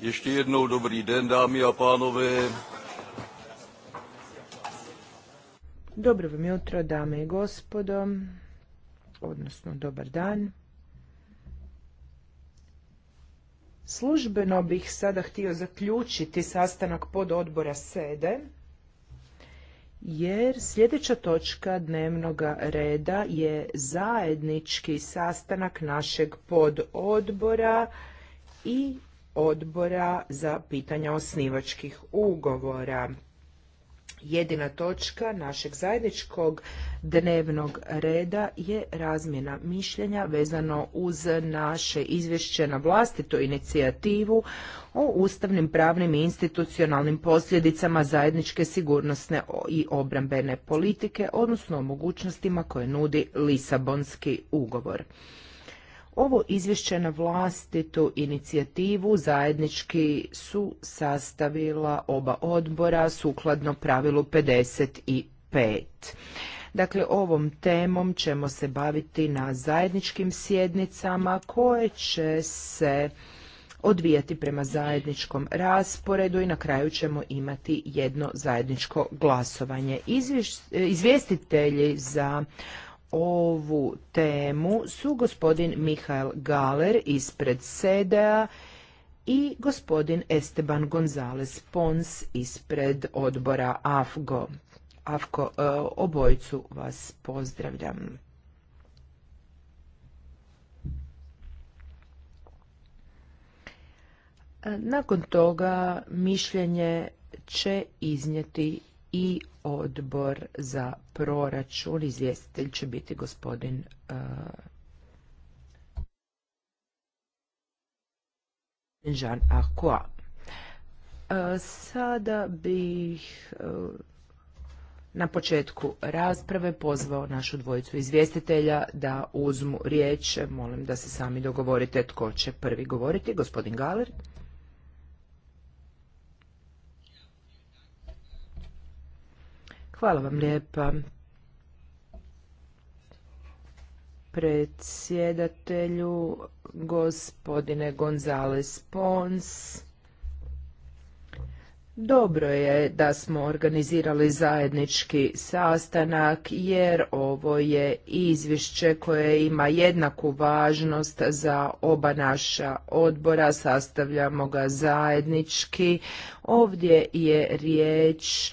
Ještě jednou dobrý den, dámy a pánové. Dobro vam jutro, dame i gospodo, odnosno dobar dan. Službeno bih sada htio zaključiti sastanak pod odbora sede, jer sljedeća točka dnevnog reda je zajednički sastanak našeg pododbora i odbora za pitanja osnivačkih ugovora. Jedina točka našeg zajedničkog dnevnog reda je razmjena mišljenja vezano uz naše izvješće na vlastitu inicijativu o ustavnim, pravnim i institucionalnim posljedicama zajedničke sigurnosne i obrambene politike, odnosno o mogućnostima koje nudi Lisabonski ugovor. Ovo izvješće na vlastitu inicijativu zajednički su sastavila oba odbora sukladno pravilu 55. Dakle, ovom temom ćemo se baviti na zajedničkim sjednicama koje će se odvijati prema zajedničkom rasporedu i na kraju ćemo imati jedno zajedničko glasovanje. izvjestitelji za ovu temu su gospodin Mihael Galer ispred SEDA i gospodin Esteban González Pons ispred odbora AFGO. AFGO, e, obojicu vas pozdravljam. E, nakon toga mišljenje će iznijeti i odbor za proračun. Izvjestitelj će biti gospodin uh, Jean Aqua. Uh, sada bih uh, na početku rasprave pozvao našu dvojicu izvjestitelja da uzmu riječ. Molim da se sami dogovorite tko će prvi govoriti. Gospodin Galer. Hvala vam lijepa. Predsjedatelju gospodine Gonzales Pons. Dobro je da smo organizirali zajednički sastanak jer ovo je izvješće koje ima jednaku važnost za oba naša odbora, sastavljamo ga zajednički. Ovdje je riječ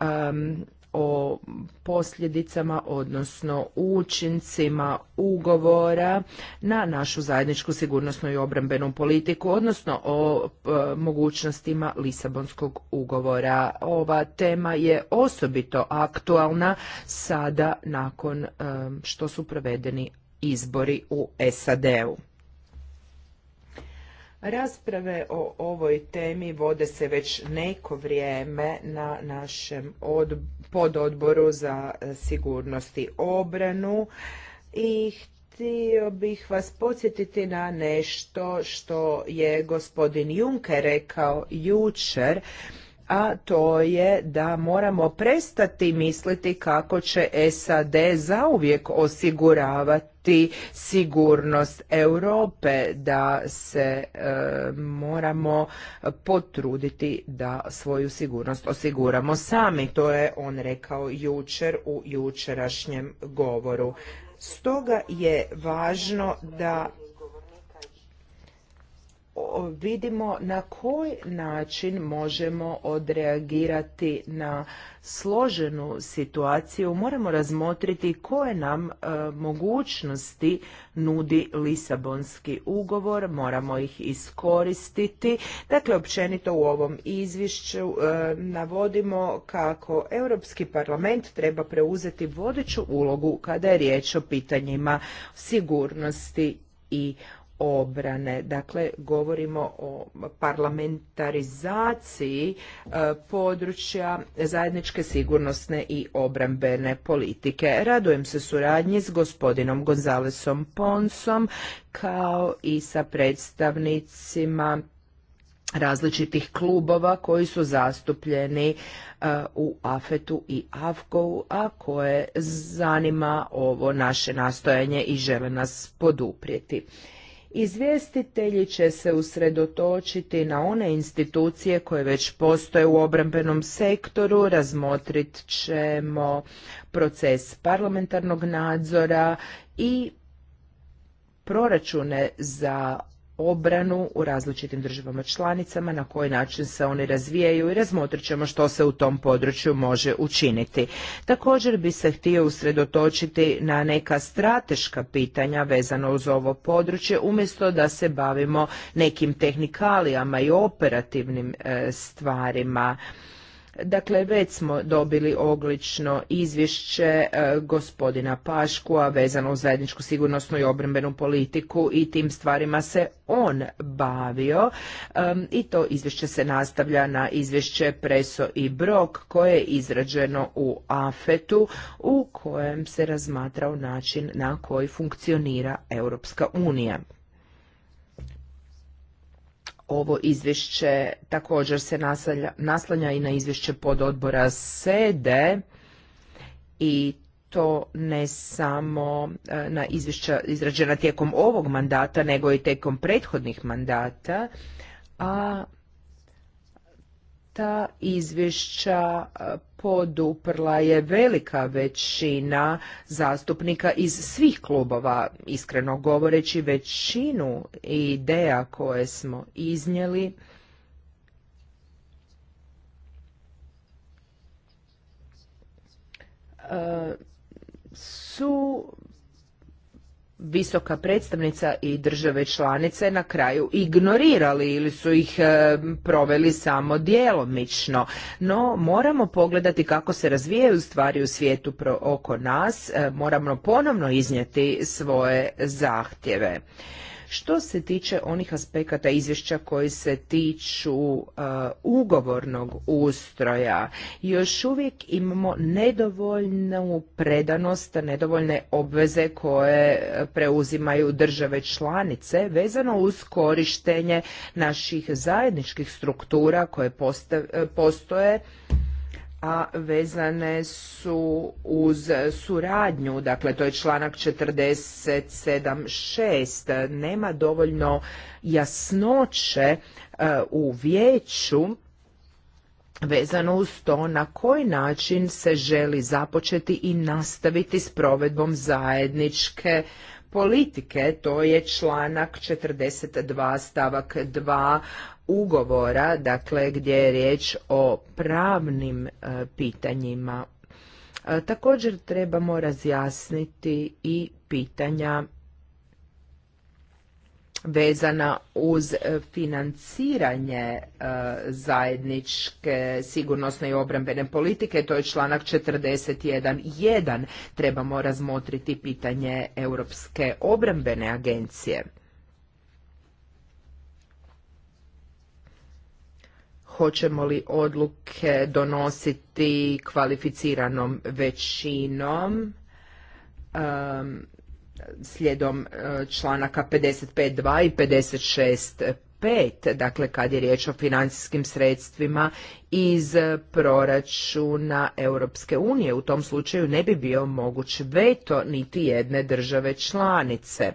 um, o posljedicama, odnosno učincima ugovora na našu zajedničku sigurnosnu i obrambenu politiku, odnosno o e, mogućnostima Lisabonskog ugovora. Ova tema je osobito aktualna sada nakon što su provedeni izbori u SAD-u. Rasprave o ovoj temi vode se već neko vrijeme na našem pododboru za e, sigurnost i obranu i htio bih vas podsjetiti na nešto što je gospodin Juncker rekao jučer a to je da moramo prestati misliti kako će SAD zauvijek osiguravati sigurnost Europe, da se e, moramo potruditi da svoju sigurnost osiguramo sami. To je on rekao jučer u jučerašnjem govoru. Stoga je važno da vidimo na koji način možemo odreagirati na složenu situaciju, moramo razmotriti koje nam e, mogućnosti nudi Lisabonski ugovor, moramo ih iskoristiti. Dakle, općenito u ovom izvješću e, navodimo kako Europski parlament treba preuzeti vodeću ulogu kada je riječ o pitanjima sigurnosti i obrane. Dakle, govorimo o parlamentarizaciji e, područja zajedničke sigurnosne i obrambene politike. Radujem se suradnji s gospodinom Gonzalesom Ponsom kao i sa predstavnicima različitih klubova koji su zastupljeni e, u Afetu i u a koje zanima ovo naše nastojanje i žele nas poduprijeti. Izvjestitelji će se usredotočiti na one institucije koje već postoje u obrambenom sektoru, razmotrit ćemo proces parlamentarnog nadzora i proračune za obranu u različitim državama članicama, na koji način se oni razvijaju i razmotrit ćemo što se u tom području može učiniti. Također bi se htio usredotočiti na neka strateška pitanja vezano uz ovo područje, umjesto da se bavimo nekim tehnikalijama i operativnim e, stvarima. Dakle, već smo dobili oglično izvješće e, gospodina Paškua vezano u zajedničku sigurnosnu i obrambenu politiku i tim stvarima se on bavio i to izvješće se nastavlja na izvješće Preso i Brok koje je izrađeno u Afetu u kojem se razmatrao način na koji funkcionira Europska unija ovo izvješće također se naslanja, i na izvješće pod odbora SEDE i to ne samo e, na izvješća izrađena tijekom ovog mandata, nego i tijekom prethodnih mandata, a ta izvješća e, poduprla je velika većina zastupnika iz svih klubova, iskreno govoreći većinu ideja koje smo iznijeli. su visoka predstavnica i države članice na kraju ignorirali ili su ih e, proveli samo djelomično. No moramo pogledati kako se razvijaju stvari u svijetu oko nas, e, moramo ponovno iznijeti svoje zahtjeve. Što se tiče onih aspekata izvješća koji se tiču e, ugovornog ustroja, još uvijek imamo nedovoljnu predanost, nedovoljne obveze koje preuzimaju države članice vezano uz korištenje naših zajedničkih struktura koje postoje a vezane su uz suradnju, dakle to je članak 47.6. Nema dovoljno jasnoće e, u vijeću vezano uz to na koji način se želi započeti i nastaviti s provedbom zajedničke politike, to je članak 42 stavak 2 ugovora, dakle gdje je riječ o pravnim e, pitanjima. E, također trebamo razjasniti i pitanja vezana uz financiranje e, zajedničke sigurnosne i obrambene politike, to je članak 41.1. Trebamo razmotriti pitanje Europske obrambene agencije. hoćemo li odluke donositi kvalificiranom većinom slijedom e, članaka 55.2 i 56.5, dakle kad je riječ o financijskim sredstvima iz proračuna Europske unije. U tom slučaju ne bi bio moguć veto niti jedne države članice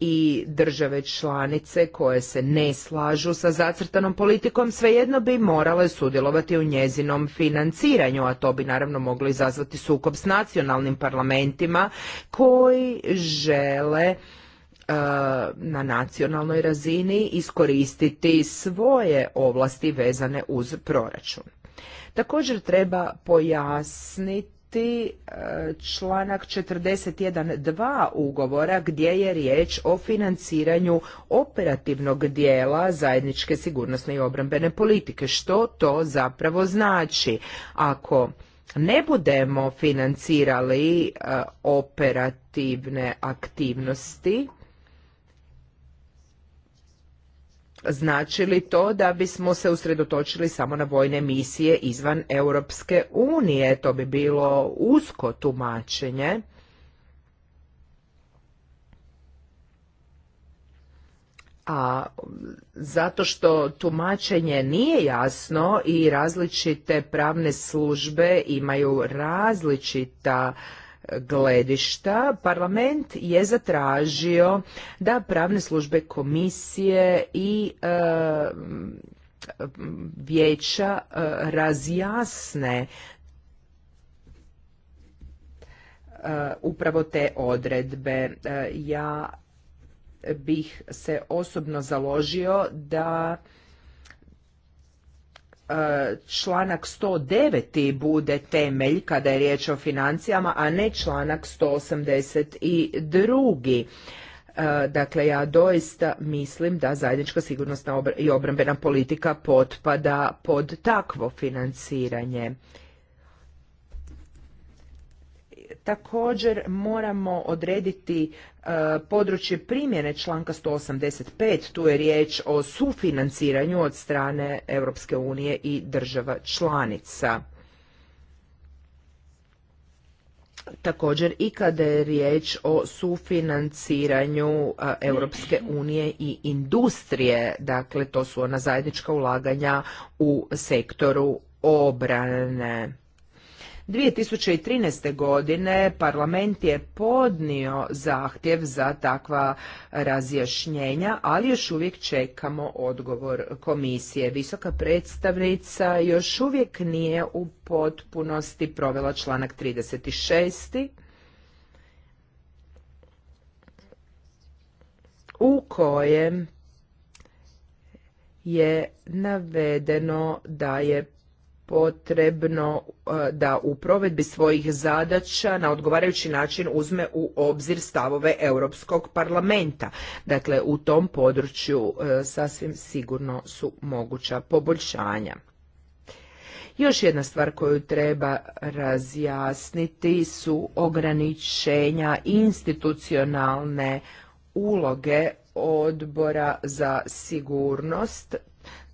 i države članice koje se ne slažu sa zacrtanom politikom svejedno bi morale sudjelovati u njezinom financiranju, a to bi naravno moglo izazvati sukob s nacionalnim parlamentima koji žele e, na nacionalnoj razini iskoristiti svoje ovlasti vezane uz proračun. Također treba pojasniti ti e, članak 41.2 ugovora gdje je riječ o financiranju operativnog dijela zajedničke sigurnosne i obrambene politike. Što to zapravo znači? Ako ne budemo financirali e, operativne aktivnosti, Znači li to da bismo se usredotočili samo na vojne misije izvan Europske unije. To bi bilo usko tumačenje. a zato što tumačenje nije jasno i različite pravne službe imaju različita gledišta, parlament je zatražio da pravne službe komisije i e, vijeća e, razjasne e, upravo te odredbe. Ja bih se osobno založio da E, članak 109. bude temelj kada je riječ o financijama, a ne članak 182. E, dakle, ja doista mislim da zajednička sigurnosna i obrambena politika potpada pod takvo financiranje. Također moramo odrediti e, područje primjene članka 185, tu je riječ o sufinanciranju od strane Europske unije i država članica. Također i kada je riječ o sufinanciranju e, Europske unije i industrije, dakle to su ona zajednička ulaganja u sektoru obrane. 2013. godine parlament je podnio zahtjev za takva razjašnjenja, ali još uvijek čekamo odgovor komisije. Visoka predstavnica još uvijek nije u potpunosti provela članak 36. u kojem je navedeno da je potrebno e, da u provedbi svojih zadaća na odgovarajući način uzme u obzir stavove Europskog parlamenta. Dakle, u tom području e, sasvim sigurno su moguća poboljšanja. Još jedna stvar koju treba razjasniti su ograničenja institucionalne uloge odbora za sigurnost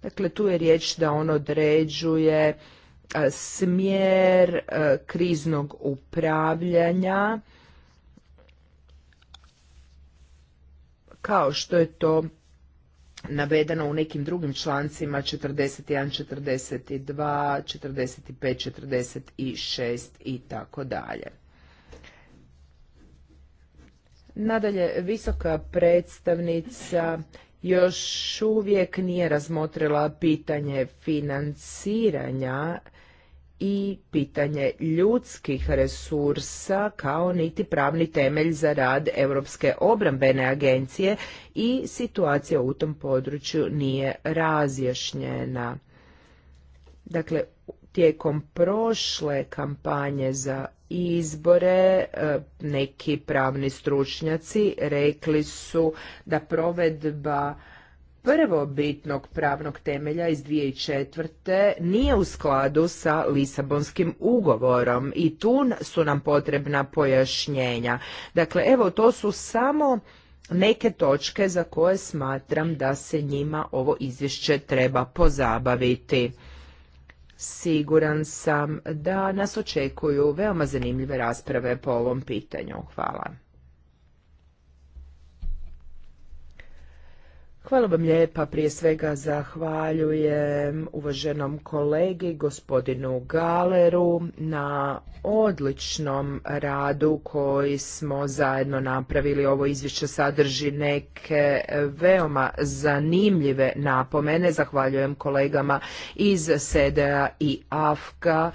Dakle, tu je riječ da on određuje e, smjer e, kriznog upravljanja kao što je to navedeno u nekim drugim člancima 41, 42, 45, 46 i tako dalje. Nadalje, visoka predstavnica još uvijek nije razmotrila pitanje financiranja i pitanje ljudskih resursa kao niti pravni temelj za rad Europske obrambene agencije i situacija u tom području nije razjašnjena. Dakle, tijekom prošle kampanje za izbore e, neki pravni stručnjaci rekli su da provedba prvobitnog pravnog temelja iz 2004. nije u skladu sa Lisabonskim ugovorom i tu su nam potrebna pojašnjenja. Dakle, evo to su samo neke točke za koje smatram da se njima ovo izvješće treba pozabaviti. Siguran sam da nas očekuju veoma zanimljive rasprave po ovom pitanju. Hvala. Hvala vam lijepa. Prije svega zahvaljujem uvaženom kolegi gospodinu Galeru na odličnom radu koji smo zajedno napravili. Ovo izvješće sadrži neke veoma zanimljive napomene. Zahvaljujem kolegama iz SEDA i AFKA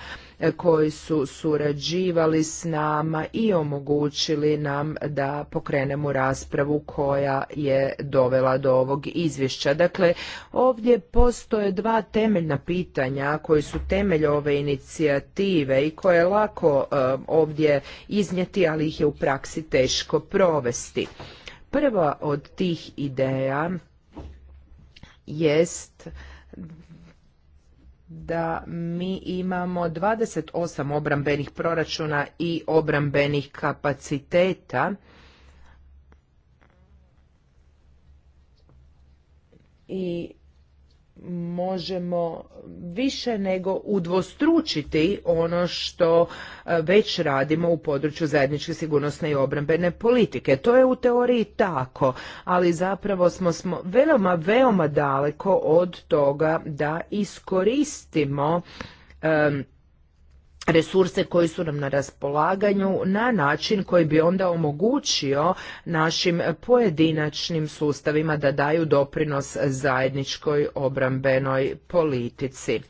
koji su surađivali s nama i omogućili nam da pokrenemo raspravu koja je dovela do ovog izvješća. Dakle, ovdje postoje dva temeljna pitanja koji su temelj ove inicijative i koje je lako e, ovdje iznijeti, ali ih je u praksi teško provesti. Prva od tih ideja jest da mi imamo 28 obrambenih proračuna i obrambenih kapaciteta. I možemo više nego udvostručiti ono što e, već radimo u području zajedničke sigurnosne i obrambene politike. To je u teoriji tako, ali zapravo smo, smo veoma, veoma daleko od toga da iskoristimo resurse koji su nam na raspolaganju na način koji bi onda omogućio našim pojedinačnim sustavima da daju doprinos zajedničkoj obrambenoj politici.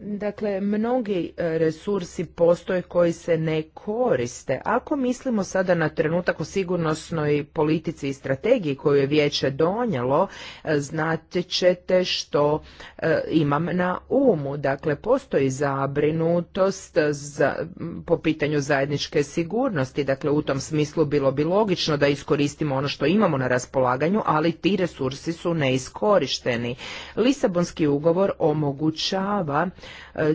Dakle, mnogi e, resursi postoje koji se ne koriste. Ako mislimo sada na trenutak o sigurnosnoj politici i strategiji koju je vijeće donijelo, e, znate ćete što e, imam na umu. Dakle, postoji zabrinutost za, po pitanju zajedničke sigurnosti. Dakle, u tom smislu bilo bi logično da iskoristimo ono što imamo na raspolaganju, ali ti resursi su neiskorišteni. Lisabonski ugovor omogućava E,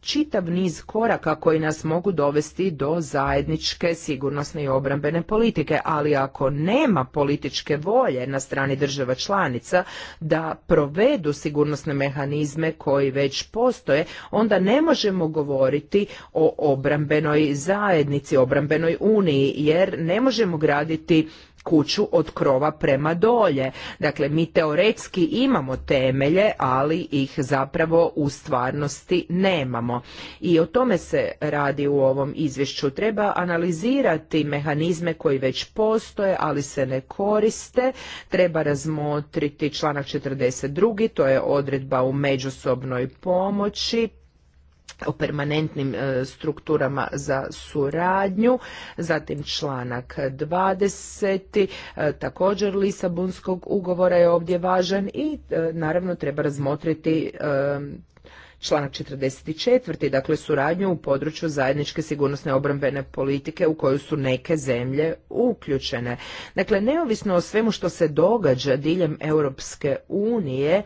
čitav niz koraka koji nas mogu dovesti do zajedničke sigurnosne i obrambene politike, ali ako nema političke volje na strani država članica da provedu sigurnosne mehanizme koji već postoje, onda ne možemo govoriti o obrambenoj zajednici, obrambenoj uniji, jer ne možemo graditi kuću od krova prema dolje. Dakle, mi teoretski imamo temelje, ali ih zapravo u stvarnosti nemamo. I o tome se radi u ovom izvješću. Treba analizirati mehanizme koji već postoje, ali se ne koriste. Treba razmotriti članak 42. To je odredba u međusobnoj pomoći o permanentnim e, strukturama za suradnju, zatim članak 20. E, također Lisabonskog ugovora je ovdje važan i e, naravno treba razmotriti članak 44. dakle suradnju u području zajedničke sigurnosne obrambene politike u koju su neke zemlje uključene. Dakle, neovisno o svemu što se događa diljem Europske unije,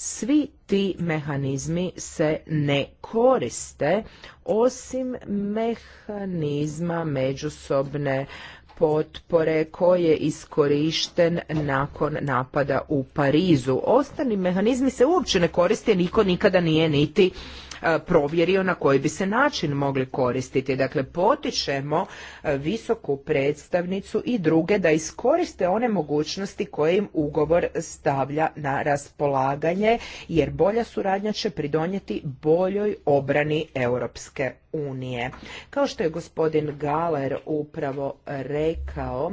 svi ti mehanizmi se ne koriste osim mehanizma međusobne potpore koji je iskorišten nakon napada u Parizu. Ostani mehanizmi se uopće ne koriste, niko nikada nije niti E, provjerio na koji bi se način mogli koristiti. Dakle, potičemo e, visoku predstavnicu i druge da iskoriste one mogućnosti koje im ugovor stavlja na raspolaganje, jer bolja suradnja će pridonijeti boljoj obrani Europske unije. Kao što je gospodin Galer upravo rekao,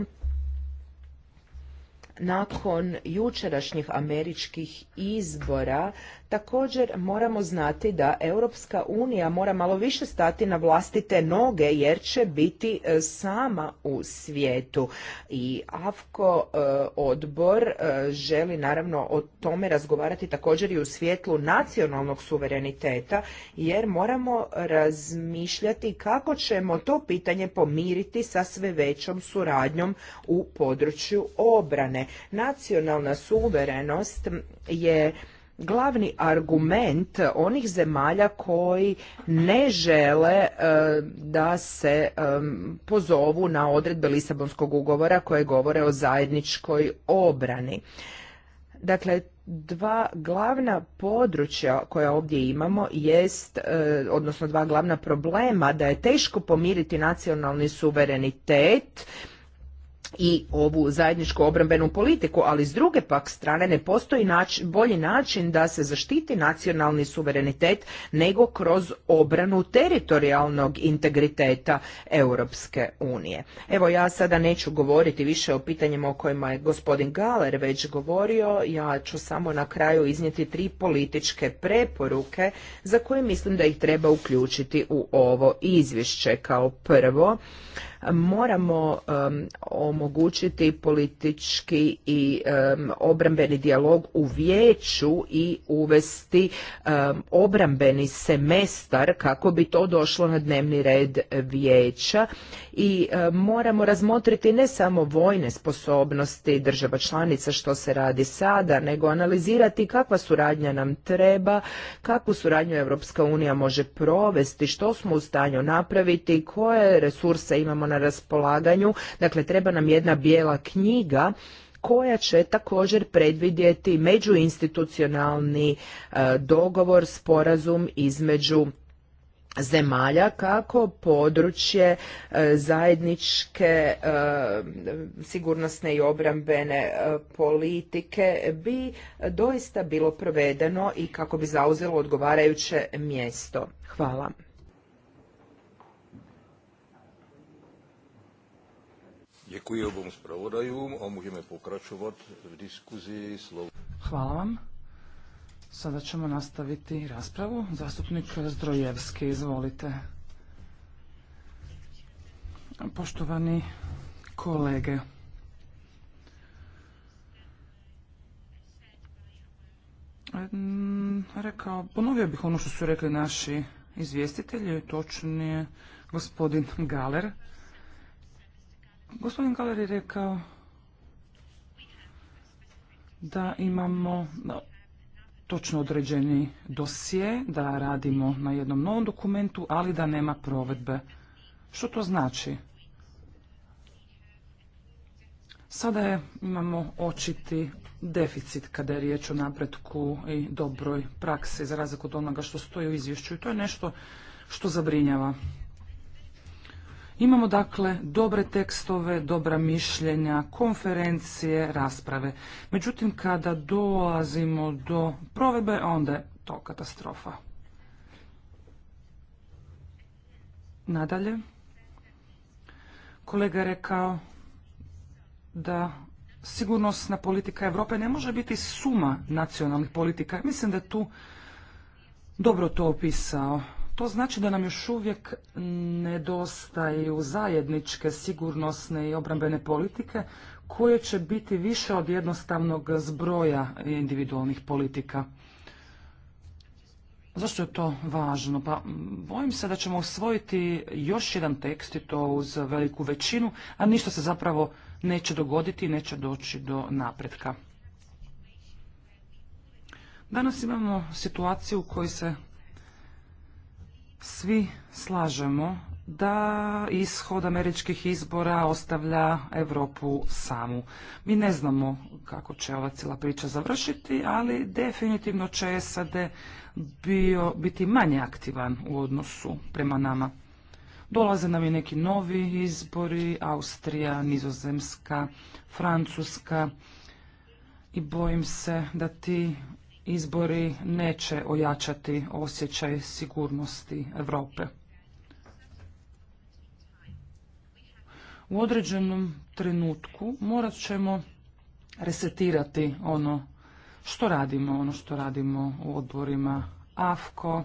nakon jučerašnjih američkih izbora Također moramo znati da Europska unija mora malo više stati na vlastite noge jer će biti e, sama u svijetu i AFKO e, odbor e, želi naravno o tome razgovarati također i u svijetlu nacionalnog suvereniteta jer moramo razmišljati kako ćemo to pitanje pomiriti sa sve većom suradnjom u području obrane. Nacionalna suverenost je glavni argument onih zemalja koji ne žele e, da se e, pozovu na odredbe Lisabonskog ugovora koje govore o zajedničkoj obrani. Dakle, dva glavna područja koja ovdje imamo jest, e, odnosno dva glavna problema, da je teško pomiriti nacionalni suverenitet i ovu zajedničku obrambenu politiku, ali s druge pak strane ne postoji način bolji način da se zaštiti nacionalni suverenitet nego kroz obranu teritorijalnog integriteta Europske unije. Evo ja sada neću govoriti više o pitanjima o kojima je gospodin Galer već govorio, ja ću samo na kraju iznijeti tri političke preporuke za koje mislim da ih treba uključiti u ovo izvješće. Kao prvo, moramo omogućiti politički i obrambeni dijalog u vijeću i uvesti obrambeni semestar kako bi to došlo na dnevni red vijeća i moramo razmotriti ne samo vojne sposobnosti država članica što se radi sada nego analizirati kakva suradnja nam treba kakvu suradnju Europska unija može provesti što smo u stanju napraviti koje resurse imamo na raspolaganju. Dakle, treba nam jedna bijela knjiga koja će također predvidjeti međuinstitucionalni e, dogovor, sporazum između zemalja kako područje e, zajedničke e, sigurnosne i obrambene politike bi doista bilo provedeno i kako bi zauzelo odgovarajuće mjesto. Hvala. Děkuji obom zpravodajům a můžeme pokračovat v diskuzi slovo. Hvala vam. Sada ćemo nastaviti raspravu. Zastupnik Zdrojevski, izvolite. Poštovani kolege, mm, Rekao, ponovio bih ono što su rekli naši izvjestitelji, točnije gospodin Galer. Gospodin Galer je rekao da imamo točno određeni dosje, da radimo na jednom novom dokumentu, ali da nema provedbe. Što to znači? Sada imamo očiti deficit kada je riječ o napretku i dobroj praksi, za razliku od onoga što stoji u izvješću. I to je nešto što zabrinjava. Imamo dakle dobre tekstove, dobra mišljenja, konferencije, rasprave. Međutim, kada dolazimo do provedbe, onda je to katastrofa. Nadalje, kolega je rekao da sigurnosna politika Europe ne može biti suma nacionalnih politika. Mislim da je tu dobro to opisao. To znači da nam još uvijek nedostaju zajedničke sigurnosne i obrambene politike koje će biti više od jednostavnog zbroja individualnih politika. Zašto je to važno? Pa bojim se da ćemo usvojiti još jedan tekst i to uz veliku većinu, a ništa se zapravo neće dogoditi i neće doći do napretka. Danas imamo situaciju u kojoj se svi slažemo da ishod američkih izbora ostavlja Europu samu. Mi ne znamo kako će ova cijela priča završiti, ali definitivno će SAD bio, biti manje aktivan u odnosu prema nama. Dolaze nam i neki novi izbori, Austrija, Nizozemska, Francuska i bojim se da ti izbori neće ojačati osjećaj sigurnosti Europe. U određenom trenutku morat ćemo resetirati ono što radimo, ono što radimo u odborima AFKO,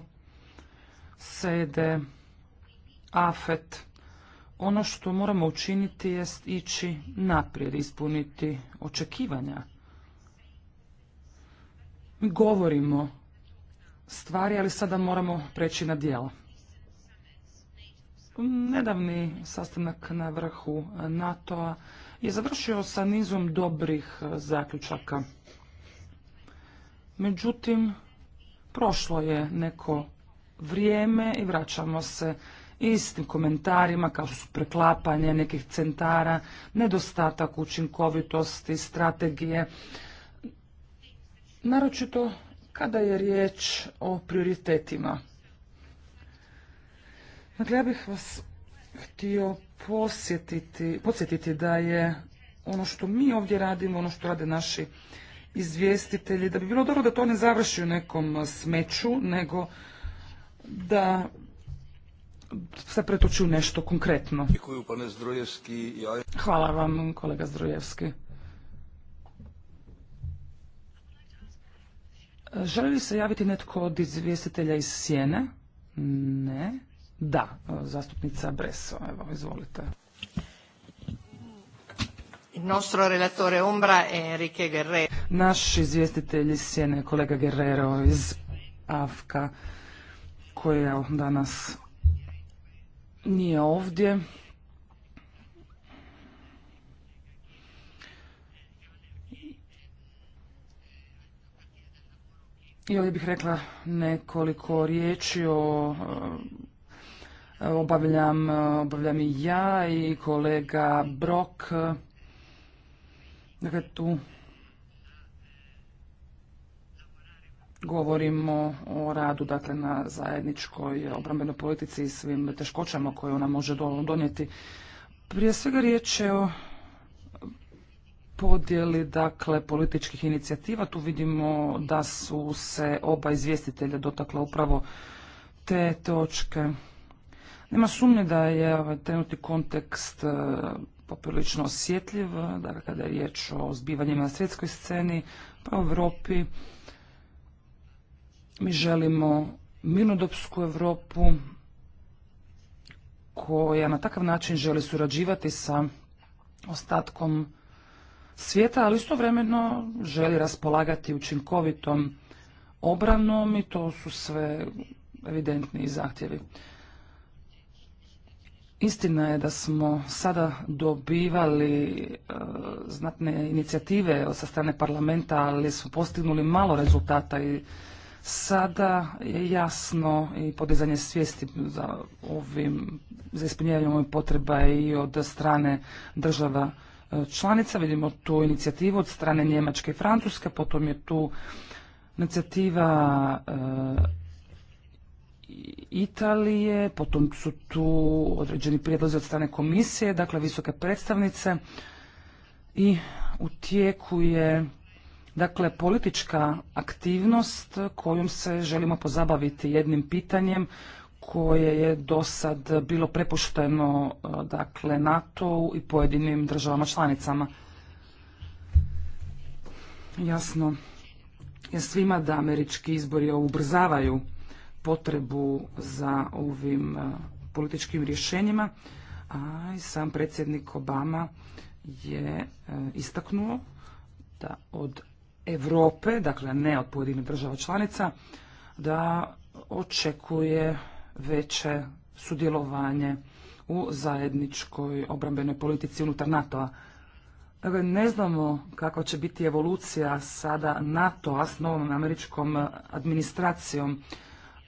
SEDE, AFET. Ono što moramo učiniti jest ići naprijed, ispuniti očekivanja mi govorimo stvari, ali sada moramo preći na dijelo. Nedavni sastanak na vrhu NATO-a je završio sa nizom dobrih zaključaka. Međutim, prošlo je neko vrijeme i vraćamo se istim komentarima kao su preklapanje nekih centara, nedostatak učinkovitosti, strategije naročito kada je riječ o prioritetima. Dakle, ja bih vas htio posjetiti, podsjetiti da je ono što mi ovdje radimo, ono što rade naši izvjestitelji, da bi bilo dobro da to ne završi u nekom smeću, nego da se pretoči nešto konkretno. Hvala vam, kolega Zdrojevski. Želi li se javiti netko od izvjestitelja iz Sjene? Ne. Da, e, zastupnica Breso, evo, izvolite. relatore Naš izvjestitelj iz Sjene, kolega Guerrero iz Afka, koji je danas nije ovdje. I ovdje bih rekla nekoliko riječi o e, e, obavljam, i ja i kolega Brok. Dakle, tu govorimo o radu dakle, na zajedničkoj obrambenoj politici i svim teškoćama koje ona može donijeti. Prije svega riječ je o podjeli dakle političkih inicijativa. Tu vidimo da su se oba izvjestitelja dotakla upravo te točke. Nema sumnje da je ovaj trenutni kontekst e, poprilično osjetljiv, dakle kada je riječ o zbivanjima na svjetskoj sceni, pa u Europi. Mi želimo mirnodopsku Europu koja na takav način želi surađivati sa ostatkom svijeta, ali istovremeno želi raspolagati učinkovitom obranom i to su sve evidentni zahtjevi. Istina je da smo sada dobivali e, znatne inicijative sa strane parlamenta, ali smo postignuli malo rezultata i sada je jasno i podizanje svijesti za ovim, za ispunjavanjem ovih potreba i od strane država članica. Vidimo tu inicijativu od strane Njemačke i Francuske, potom je tu inicijativa e, Italije, potom su tu određeni prijedlozi od strane komisije, dakle visoke predstavnice i u tijeku je dakle politička aktivnost kojom se želimo pozabaviti jednim pitanjem koje je do sad bilo prepušteno e, dakle, NATO-u i pojedinim državama članicama. Jasno je svima da američki izbori ubrzavaju potrebu za ovim e, političkim rješenjima, a i sam predsjednik Obama je e, istaknuo da od Europe, dakle ne od pojedinih država članica, da očekuje veće sudjelovanje u zajedničkoj obrambenoj politici unutar NATO-a. Dakle, ne znamo kako će biti evolucija sada NATO-a s novom američkom administracijom,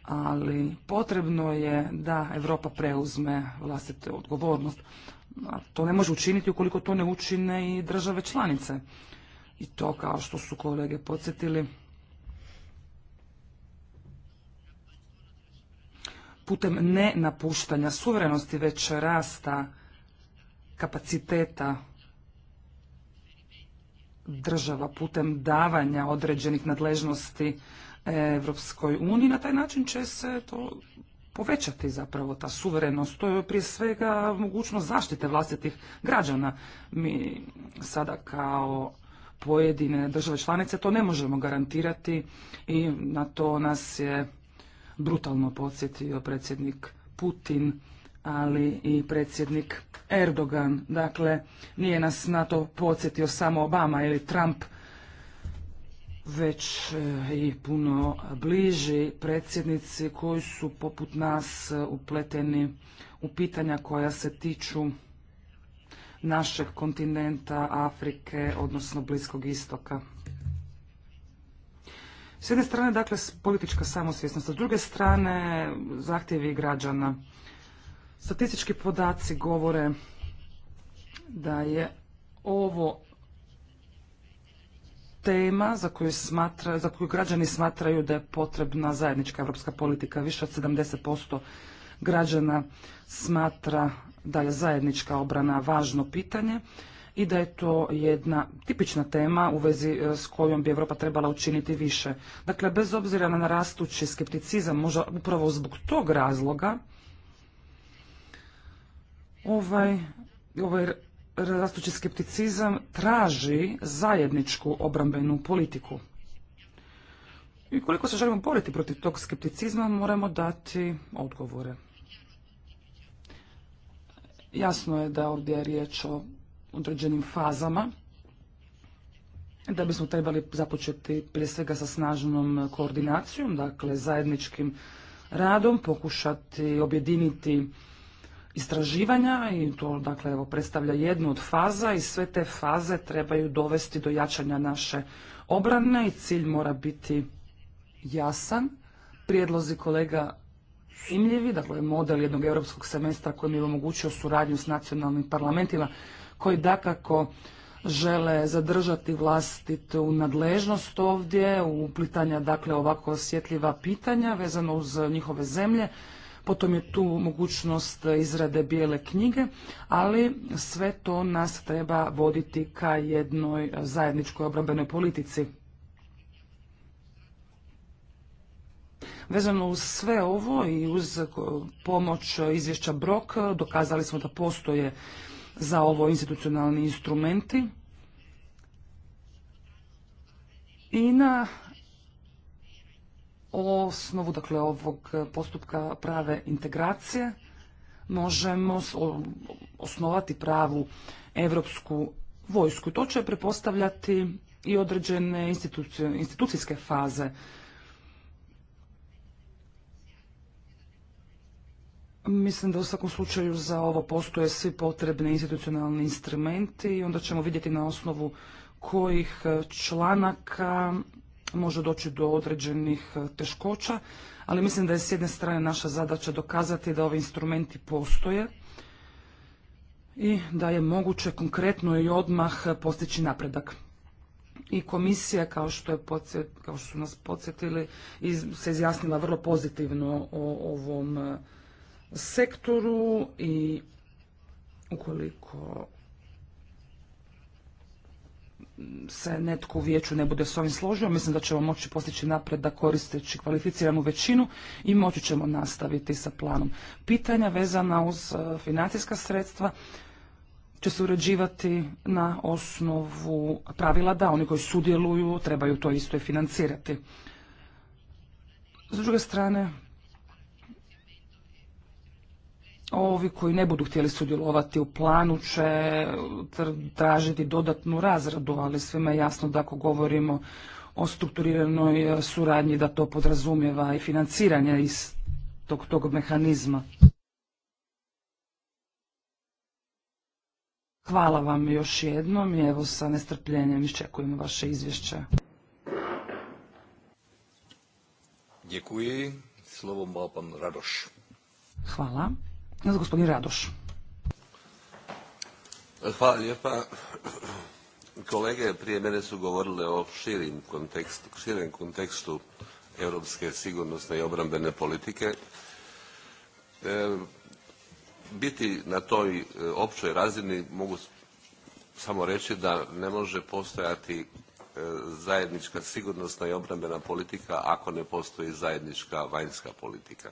ali potrebno je da Europa preuzme vlastitu odgovornost. to ne može učiniti ukoliko to ne učine i države članice. I to, kao što su kolege podsjetili, putem ne napuštanja suverenosti, već rasta kapaciteta država putem davanja određenih nadležnosti Evropskoj uniji. Na taj način će se to povećati zapravo ta suverenost. To je prije svega mogućnost zaštite vlastitih građana. Mi sada kao pojedine države članice to ne možemo garantirati i na to nas je brutalno podsjetio predsjednik Putin, ali i predsjednik Erdogan. Dakle, nije nas na to podsjetio samo Obama ili Trump, već e, i puno bliži predsjednici koji su poput nas e, upleteni u pitanja koja se tiču našeg kontinenta Afrike, odnosno Bliskog istoka. S jedne strane, dakle, politička samosvjesnost, s druge strane, zahtjevi građana. Statistički podaci govore da je ovo tema za koju, smatra, za koju građani smatraju da je potrebna zajednička evropska politika. Više od 70% građana smatra da je zajednička obrana važno pitanje i da je to jedna tipična tema u vezi e, s kojom bi Europa trebala učiniti više. Dakle, bez obzira na narastući skepticizam, možda upravo zbog tog razloga, ovaj, ovaj rastući skepticizam traži zajedničku obrambenu politiku. I koliko se želimo boriti protiv tog skepticizma, moramo dati odgovore. Jasno je da ovdje je riječ o određenim fazama, da bismo trebali započeti prije svega sa snažnom koordinacijom, dakle zajedničkim radom, pokušati objediniti istraživanja i to dakle evo predstavlja jednu od faza i sve te faze trebaju dovesti do jačanja naše obrane i cilj mora biti jasan. Prijedlozi kolega Simljevi, dakle model jednog europskog semestra koji je omogućio suradnju s nacionalnim parlamentima koji dakako žele zadržati vlastitu nadležnost ovdje, uplitanja dakle ovako osjetljiva pitanja vezano uz njihove zemlje. Potom je tu mogućnost izrade bijele knjige, ali sve to nas treba voditi ka jednoj zajedničkoj obrambenoj politici. Vezano uz sve ovo i uz pomoć izvješća Brok dokazali smo da postoje za ovo institucionalni instrumenti i na osnovu dakle, ovog postupka prave integracije možemo osnovati pravu evropsku vojsku. To će prepostavljati i određene institucijske faze Mislim da u svakom slučaju za ovo postoje svi potrebni institucionalni instrumenti i onda ćemo vidjeti na osnovu kojih e, članaka može doći do određenih e, teškoća, ali mislim da je s jedne strane naša zadaća dokazati da ovi instrumenti postoje i da je moguće konkretno i odmah e, postići napredak. I komisija, kao što, je podsjet, kao što su nas podsjetili, se izjasnila vrlo pozitivno o ovom sektoru i ukoliko se netko u vijeću ne bude s ovim složio, mislim da ćemo moći postići da koristeći kvalificiranu većinu i moći ćemo nastaviti sa planom. Pitanja vezana uz e, financijska sredstva će se uređivati na osnovu pravila da oni koji sudjeluju trebaju to isto i financirati. S druge strane, ovi koji ne budu htjeli sudjelovati u planu će tražiti dodatnu razradu, ali svima je jasno da ako govorimo o strukturiranoj e, suradnji da to podrazumijeva i financiranje iz tog, tog mehanizma. Hvala vam još jednom i evo sa nestrpljenjem iščekujemo vaše izvješće. Děkuji. Slovo pan Radoš. Hvala. Gospodin Radoš. Hvala lijepa. Kolege prije mene su govorile o širim kontekstu, širem kontekstu europske sigurnosne i obrambene politike. E, biti na toj e, općoj razini mogu samo reći da ne može postojati e, zajednička sigurnosna i obrambena politika ako ne postoji zajednička vanjska politika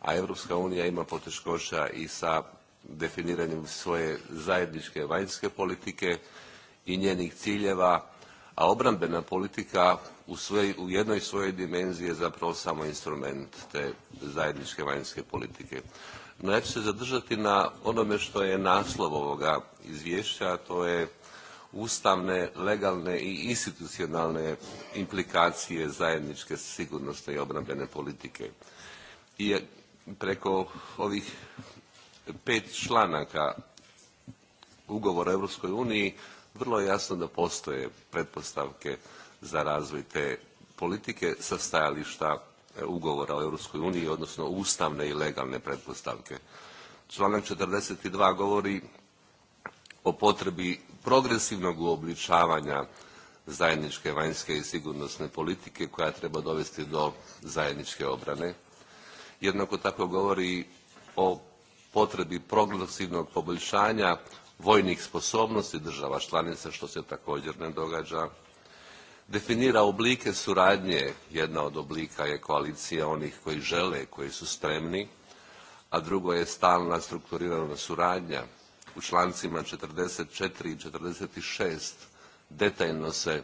a Europska unija ima poteškoća i sa definiranjem svoje zajedničke vanjske politike i njenih ciljeva, a obrambena politika u, u jednoj svojoj dimenziji je zapravo samo instrument te zajedničke vanjske politike. No ja ću se zadržati na onome što je naslov ovoga izvješća, a to je ustavne, legalne i institucionalne implikacije zajedničke sigurnosne i obrambene politike. I preko ovih pet članaka ugovora o Europskoj uniji vrlo je jasno da postoje pretpostavke za razvoj te politike sa stajališta e, ugovora o Europskoj uniji, odnosno ustavne i legalne pretpostavke. Članak 42. govori o potrebi progresivnog uobličavanja zajedničke vanjske i sigurnosne politike koja treba dovesti do zajedničke obrane jednako tako govori o potrebi progresivnog poboljšanja vojnih sposobnosti država članica što se također ne događa definira oblike suradnje jedna od oblika je koalicija onih koji žele koji su spremni a drugo je stalna strukturirana suradnja u člancima 44 i 46 detaljno se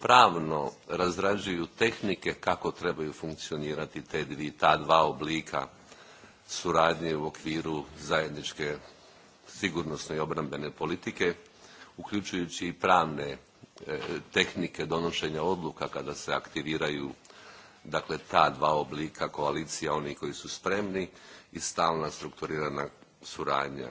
pravno razrađuju tehnike kako trebaju funkcionirati te, ta dva oblika suradnje u okviru zajedničke sigurnosne i obrambene politike, uključujući i pravne e, tehnike donošenja odluka kada se aktiviraju dakle ta dva oblika koalicija, oni koji su spremni i stalna strukturirana suradnja.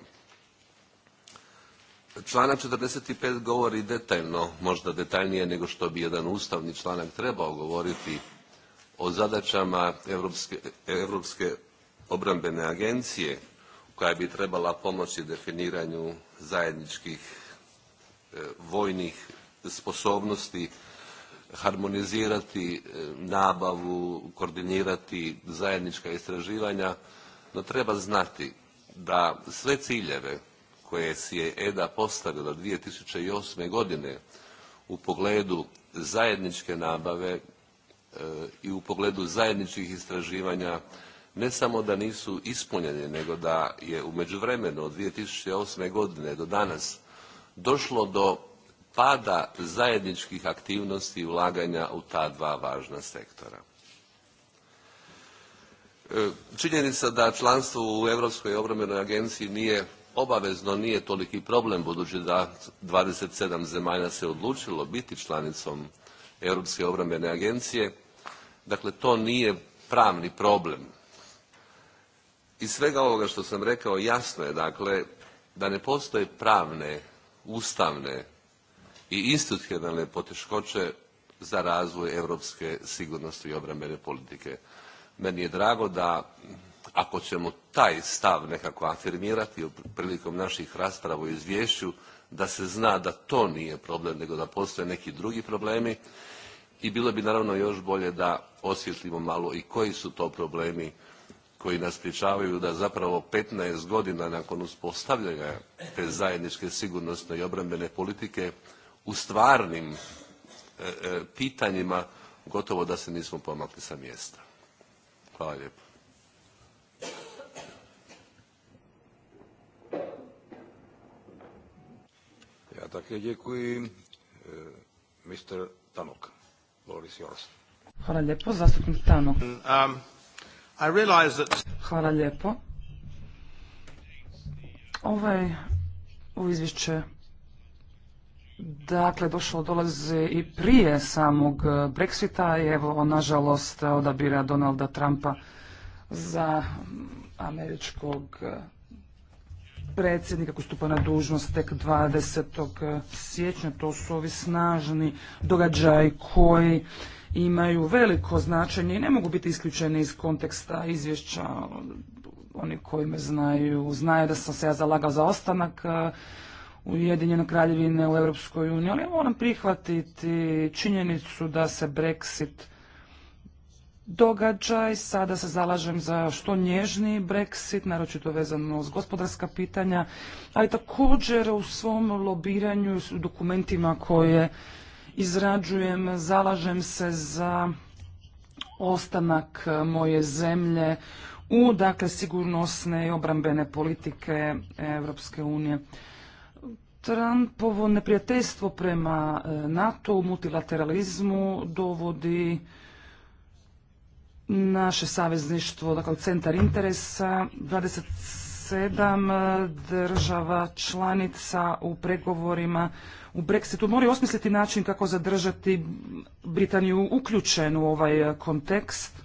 Članak 45 govori detaljno, možda detaljnije nego što bi jedan ustavni članak trebao govoriti o zadaćama Europske, Europske obrambene agencije koja bi trebala pomoći definiranju zajedničkih e, vojnih sposobnosti, harmonizirati e, nabavu, koordinirati zajednička istraživanja, no treba znati da sve ciljeve koje si je EDA postavila 2008. godine u pogledu zajedničke nabave e, i u pogledu zajedničkih istraživanja ne samo da nisu ispunjeni, nego da je u međuvremenu od 2008. godine do danas došlo do pada zajedničkih aktivnosti i ulaganja u ta dva važna sektora. E, činjenica da članstvo u Europskoj obrambenoj agenciji nije obavezno nije toliki problem budući da 27 zemalja se odlučilo biti članicom Europske obrambene agencije. Dakle, to nije pravni problem. Iz svega ovoga što sam rekao jasno je dakle da ne postoje pravne, ustavne i institucionalne poteškoće za razvoj europske sigurnosti i obrambene politike. Meni je drago da ako ćemo taj stav nekako afirmirati prilikom naših rasprava u izvješću, da se zna da to nije problem, nego da postoje neki drugi problemi i bilo bi naravno još bolje da osvjetlimo malo i koji su to problemi koji nas pričavaju da zapravo 15 godina nakon uspostavljanja te zajedničke sigurnosne i obrambene politike u stvarnim e, e, pitanjima gotovo da se nismo pomakli sa mjesta. Hvala lijepo. Já také děkuji. Eh, Mr. Tanok, floor is yours. Hvala lijepo, zastupnik Tanok. Um, um I realize that... Hvala lijepo. Ovaj, u izvješće Dakle, došlo dolaze i prije samog eh, Brexita i evo, nažalost, odabira Donalda Trumpa za mm, američkog eh, predsjednika koji stupa na dužnost tek 20. siječnja. To su ovi snažni događaj koji imaju veliko značenje i ne mogu biti isključeni iz konteksta izvješća. Oni koji me znaju, znaju da sam se ja zalagao za ostanak e, Ujedinjene kraljevine u Europskoj uniji, ali ja moram prihvatiti činjenicu da se Brexit događaj. Sada se zalažem za što nježniji Brexit, naročito vezano uz gospodarska pitanja, ali također u svom lobiranju u dokumentima koje izrađujem, zalažem se za ostanak moje zemlje u dakle sigurnosne i obrambene politike Europske unije. Trumpovo neprijateljstvo prema e, NATO, multilateralizmu dovodi naše savezništvo, dakle centar interesa, 27 eh, država članica u pregovorima u Brexitu moraju osmisliti način kako zadržati Britaniju uključenu u ovaj eh, kontekst.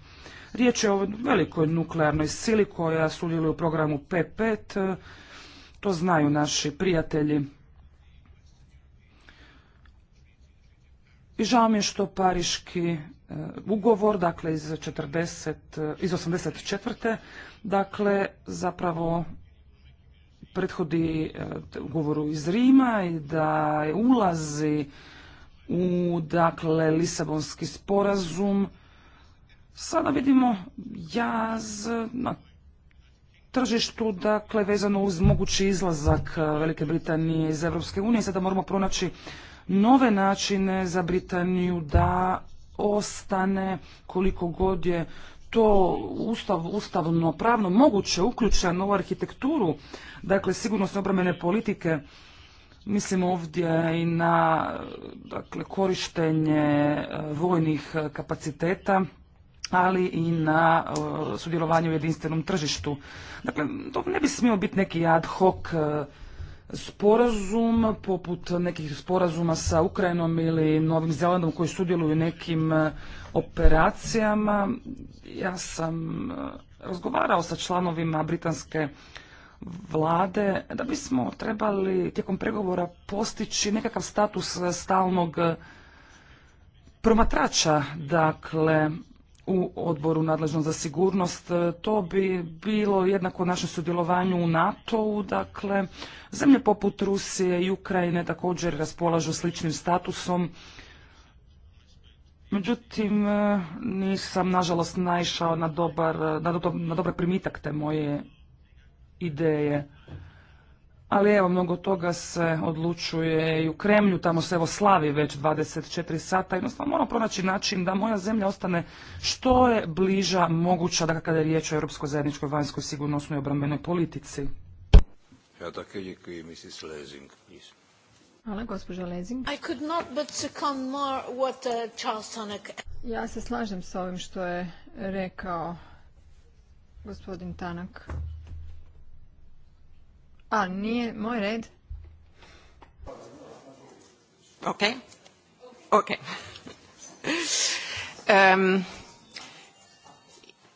Riječ je o velikoj nuklearnoj sili koja sudjeluje u programu P5, eh, to znaju naši prijatelji. I žao mi je što pariški ugovor, dakle iz 40, iz 84. Dakle, zapravo prethodi e, ugovoru iz Rima i da ulazi u dakle Lisabonski sporazum. Sada vidimo jaz na tržištu, dakle vezano uz mogući izlazak Velike Britanije iz Europske unije. Sada moramo pronaći nove načine za Britaniju da ostane koliko god je to ustav, ustavno pravno moguće uključeno u arhitekturu dakle sigurnosne obrambene politike mislim ovdje i na dakle, korištenje e, vojnih e, kapaciteta ali i na e, sudjelovanje u jedinstvenom tržištu. Dakle, to ne bi smio biti neki ad hoc sporazum, poput nekih sporazuma sa Ukrajinom ili Novim Zelandom koji sudjeluju u nekim e, operacijama. Ja sam e, razgovarao sa članovima britanske vlade da bismo trebali tijekom pregovora postići nekakav status stalnog e, promatrača. Dakle, u odboru nadležnom za sigurnost. E, to bi bilo jednako našem sudjelovanju u NATO-u. Dakle, zemlje poput Rusije i Ukrajine također raspolažu sličnim statusom. Međutim, e, nisam nažalost naišao na dobar, e, na dobar primitak te moje ideje ali evo mnogo toga se odlučuje i u Kremlju, tamo se evo slavi već 24 sata, jednostavno moram pronaći način da moja zemlja ostane što je bliža moguća, dakle kada je riječ o Europskoj zajedničkoj vanjskoj sigurnosnoj i obrambenoj politici. Ja tako Mrs. Lezing, Hvala, gospođa Lezing. I could not but what uh, Charles Ja se slažem s ovim što je rekao gospodin Tanak. A, nije moj red. Ok. Ok. um,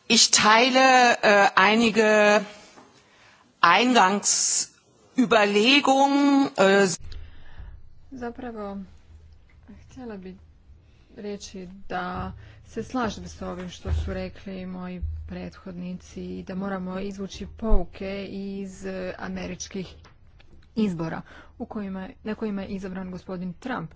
ich teile uh, einige Eingangsüberlegungen. Uh... Zapravo, htjela bi reći da se slažem s ovim što su rekli moji prethodnici da moramo izvući pouke iz e, američkih izbora u kojima, na kojima je izabran gospodin Trump.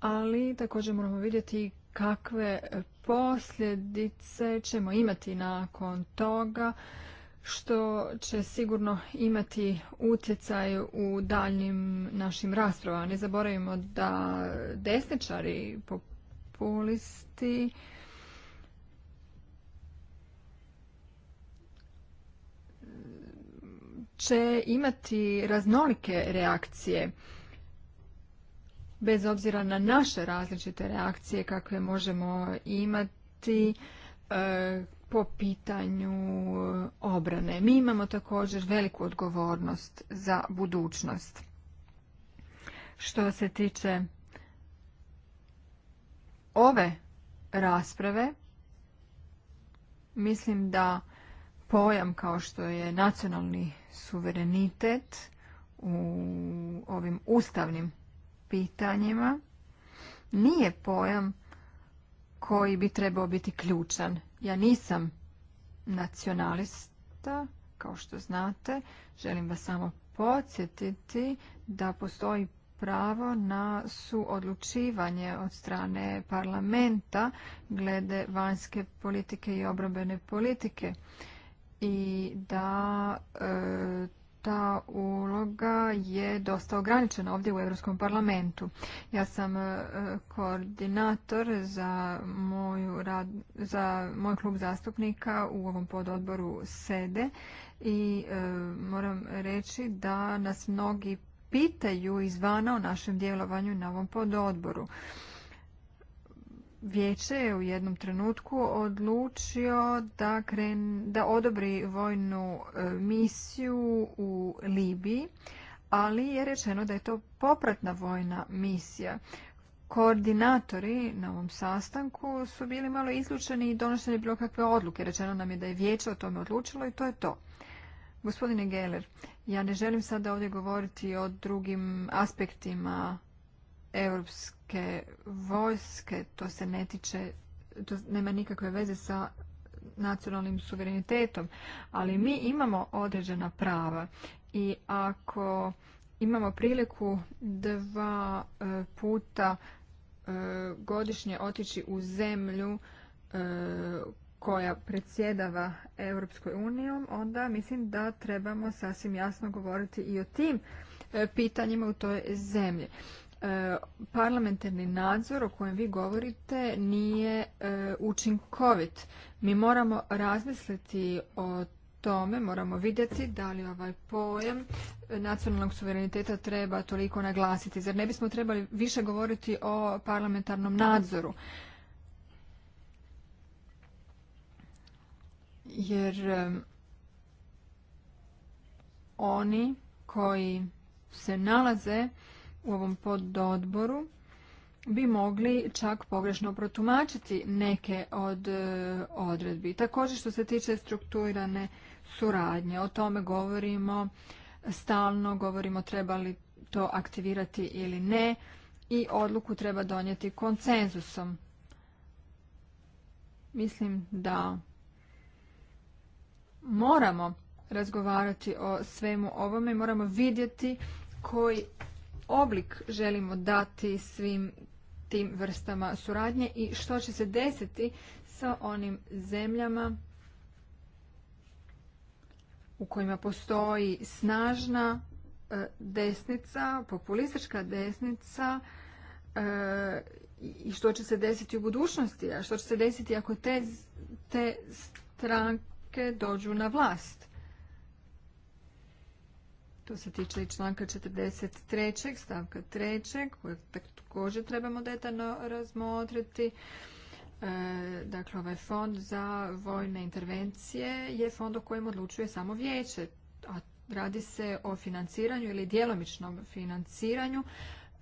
Ali također moramo vidjeti kakve posljedice ćemo imati nakon toga što će sigurno imati utjecaj u daljnjim našim raspravama. Ne zaboravimo da desničari populisti će imati raznolike reakcije bez obzira na naše različite reakcije kakve možemo imati e, po pitanju obrane. Mi imamo također veliku odgovornost za budućnost. Što se tiče ove rasprave, mislim da pojam kao što je nacionalni suverenitet u ovim ustavnim pitanjima nije pojam koji bi trebao biti ključan. Ja nisam nacionalista, kao što znate, želim vas samo podsjetiti da postoji pravo na suodlučivanje od strane parlamenta glede vanjske politike i obrambene politike i da e, ta uloga je dosta ograničena ovdje u Europskom parlamentu. Ja sam e, koordinator za, za moj klub zastupnika u ovom pododboru SEDE i e, moram reći da nas mnogi pitaju izvana o našem djelovanju na ovom pododboru. Vijeće je u jednom trenutku odlučio da, da odobri vojnu e, misiju u Libiji, ali je rečeno da je to popratna vojna misija. Koordinatori na ovom sastanku su bili malo izlučeni i donošeni bilo kakve odluke. Rečeno nam je da je vijeće o tome odlučilo i to je to. Gospodine Geller, ja ne želim sada ovdje govoriti o drugim aspektima europske vojske, to se ne tiče, to nema nikakve veze sa nacionalnim suverenitetom, ali mi imamo određena prava i ako imamo priliku dva e, puta e, godišnje otići u zemlju e, koja predsjedava Europskoj unijom, onda mislim da trebamo sasvim jasno govoriti i o tim pitanjima u toj zemlji. E, parlamentarni nadzor o kojem vi govorite nije e, učinkovit. Mi moramo razmisliti o tome, moramo vidjeti da li ovaj pojam nacionalnog suvereniteta treba toliko naglasiti. Zar ne bismo trebali više govoriti o parlamentarnom nadzoru? Jer e, oni koji se nalaze u ovom pododboru bi mogli čak pogrešno protumačiti neke od e, odredbi. Također što se tiče strukturirane suradnje, o tome govorimo stalno, govorimo treba li to aktivirati ili ne i odluku treba donijeti konsenzusom. Mislim da moramo razgovarati o svemu ovome i moramo vidjeti koji oblik želimo dati svim tim vrstama suradnje i što će se desiti sa onim zemljama u kojima postoji snažna e, desnica, populistička desnica e, i što će se desiti u budućnosti, a što će se desiti ako te, te stranke dođu na vlast. To se tiče i članka 43. stavka 3. koje također trebamo detaljno razmotriti. E, dakle, ovaj fond za vojne intervencije je fond o kojem odlučuje samo vijeće, a radi se o financiranju ili djelomičnom financiranju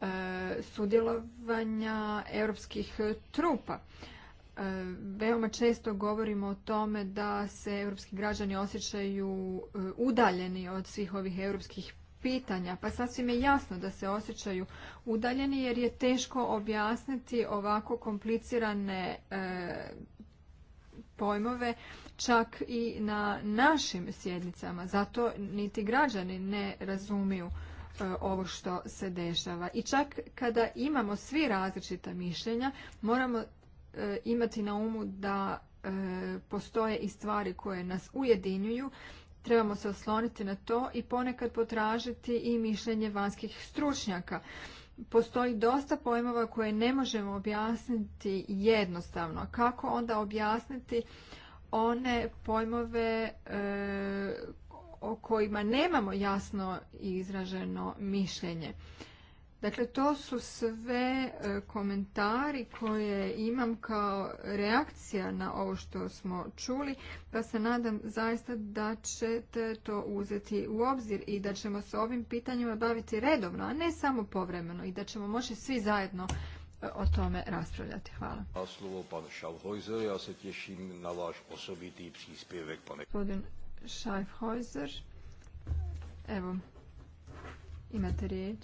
e, sudjelovanja europskih trupa. E, veoma često govorimo o tome da se europski građani osjećaju e, udaljeni od svih ovih europskih pitanja, pa sasvim je jasno da se osjećaju udaljeni jer je teško objasniti ovako komplicirane e, pojmove čak i na našim sjednicama. Zato niti građani ne razumiju ovo što se dešava. I čak kada imamo svi različita mišljenja, moramo E, imati na umu da e, postoje i stvari koje nas ujedinjuju. Trebamo se osloniti na to i ponekad potražiti i mišljenje vanjskih stručnjaka. Postoji dosta pojmova koje ne možemo objasniti jednostavno. Kako onda objasniti one pojmove e, o kojima nemamo jasno izraženo mišljenje? Dakle, to su sve e, komentari koje imam kao reakcija na ovo što smo čuli, pa se nadam zaista da ćete to uzeti u obzir i da ćemo se ovim pitanjima baviti redovno, a ne samo povremeno i da ćemo moći svi zajedno e, o tome raspravljati. Hvala. Na slovo pan Šalhojzer, ja se tješim na vaš osobiti prispjevek. Gospodin Šalhojzer, evo, imate riječ.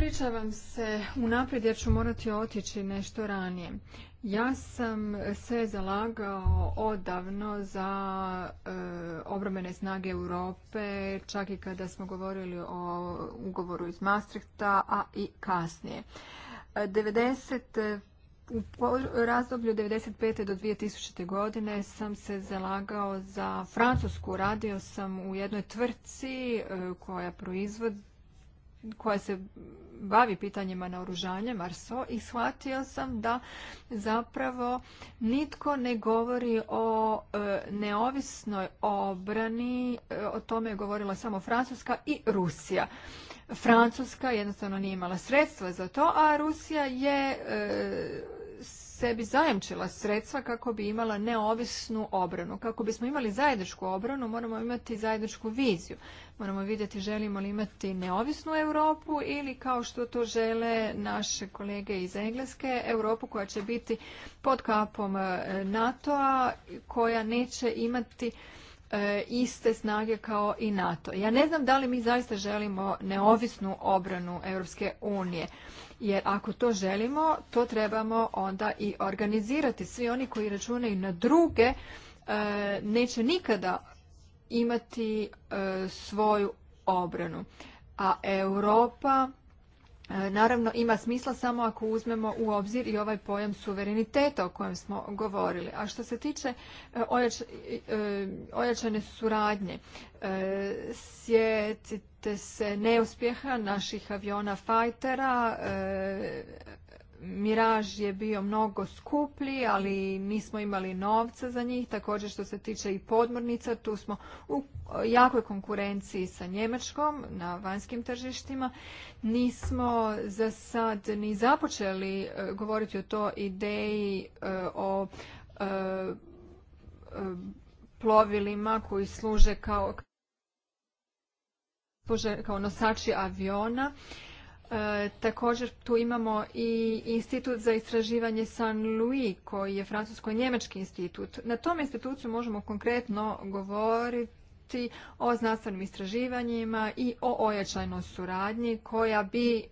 Ispričavam se unaprijed jer ću morati otići nešto ranije. Ja sam se zalagao odavno za e, obrambene snage Europe, čak i kada smo govorili o ugovoru iz Maastrichta, a i kasnije. 90 e, u razdoblju 95. do 2000. godine sam se zalagao za Francusku. Radio sam u jednoj tvrtci e, koja proizvodi koja se bavi pitanjima naoružanja, Marso, i shvatio sam da zapravo nitko ne govori o e, neovisnoj obrani, e, o tome je govorila samo Francuska i Rusija. Francuska jednostavno nije imala sredstva za to, a Rusija je e, sebi zajamčila sredstva kako bi imala neovisnu obranu. Kako bismo imali zajedničku obranu, moramo imati zajedničku viziju. Moramo vidjeti želimo li imati neovisnu Europu ili kao što to žele naše kolege iz Engleske, Europu koja će biti pod kapom e, NATO-a, koja neće imati e, iste snage kao i NATO. Ja ne znam da li mi zaista želimo neovisnu obranu Europske unije. Jer ako to želimo, to trebamo onda i organizirati. Svi oni koji računaju na druge e, neće nikada imati e, svoju obranu. A Europa E, naravno ima smisla samo ako uzmemo u obzir i ovaj pojam suvereniteta o kojem smo govorili. A što se tiče e, e, ojačane suradnje, sjetite se neuspjeha naših aviona fajtera, Miraž je bio mnogo skuplji, ali nismo imali novca za njih. Također što se tiče i podmornica, tu smo u jakoj konkurenciji sa Njemačkom na vanjskim tržištima. Nismo za sad ni započeli e, govoriti o to ideji e, o e, plovilima koji služe kao, služe kao nosači aviona. E, također tu imamo i institut za istraživanje San Louis koji je francusko-njemački institut. Na tom institutu možemo konkretno govoriti o znanstvenim istraživanjima i o ojačajnoj suradnji koja bi e,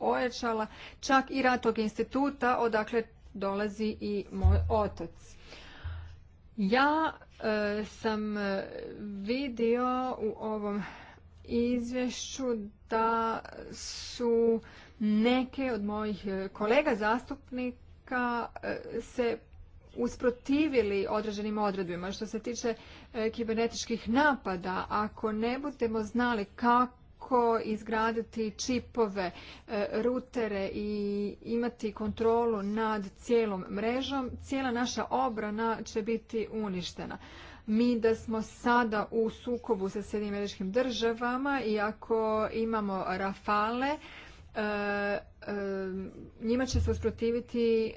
ojačala čak i rad tog instituta odakle dolazi i moj otac. Ja e, sam vidio u ovom izvješću da su neke od mojih e, kolega zastupnika e, se usprotivili određenim odredbima. Što se tiče e, kibernetičkih napada, ako ne budemo znali kako kako izgraditi čipove, e, rutere i imati kontrolu nad cijelom mrežom, cijela naša obrana će biti uništena. Mi da smo sada u sukobu sa Sjedinim američkim državama i ako imamo rafale, e, e, njima će se usprotiviti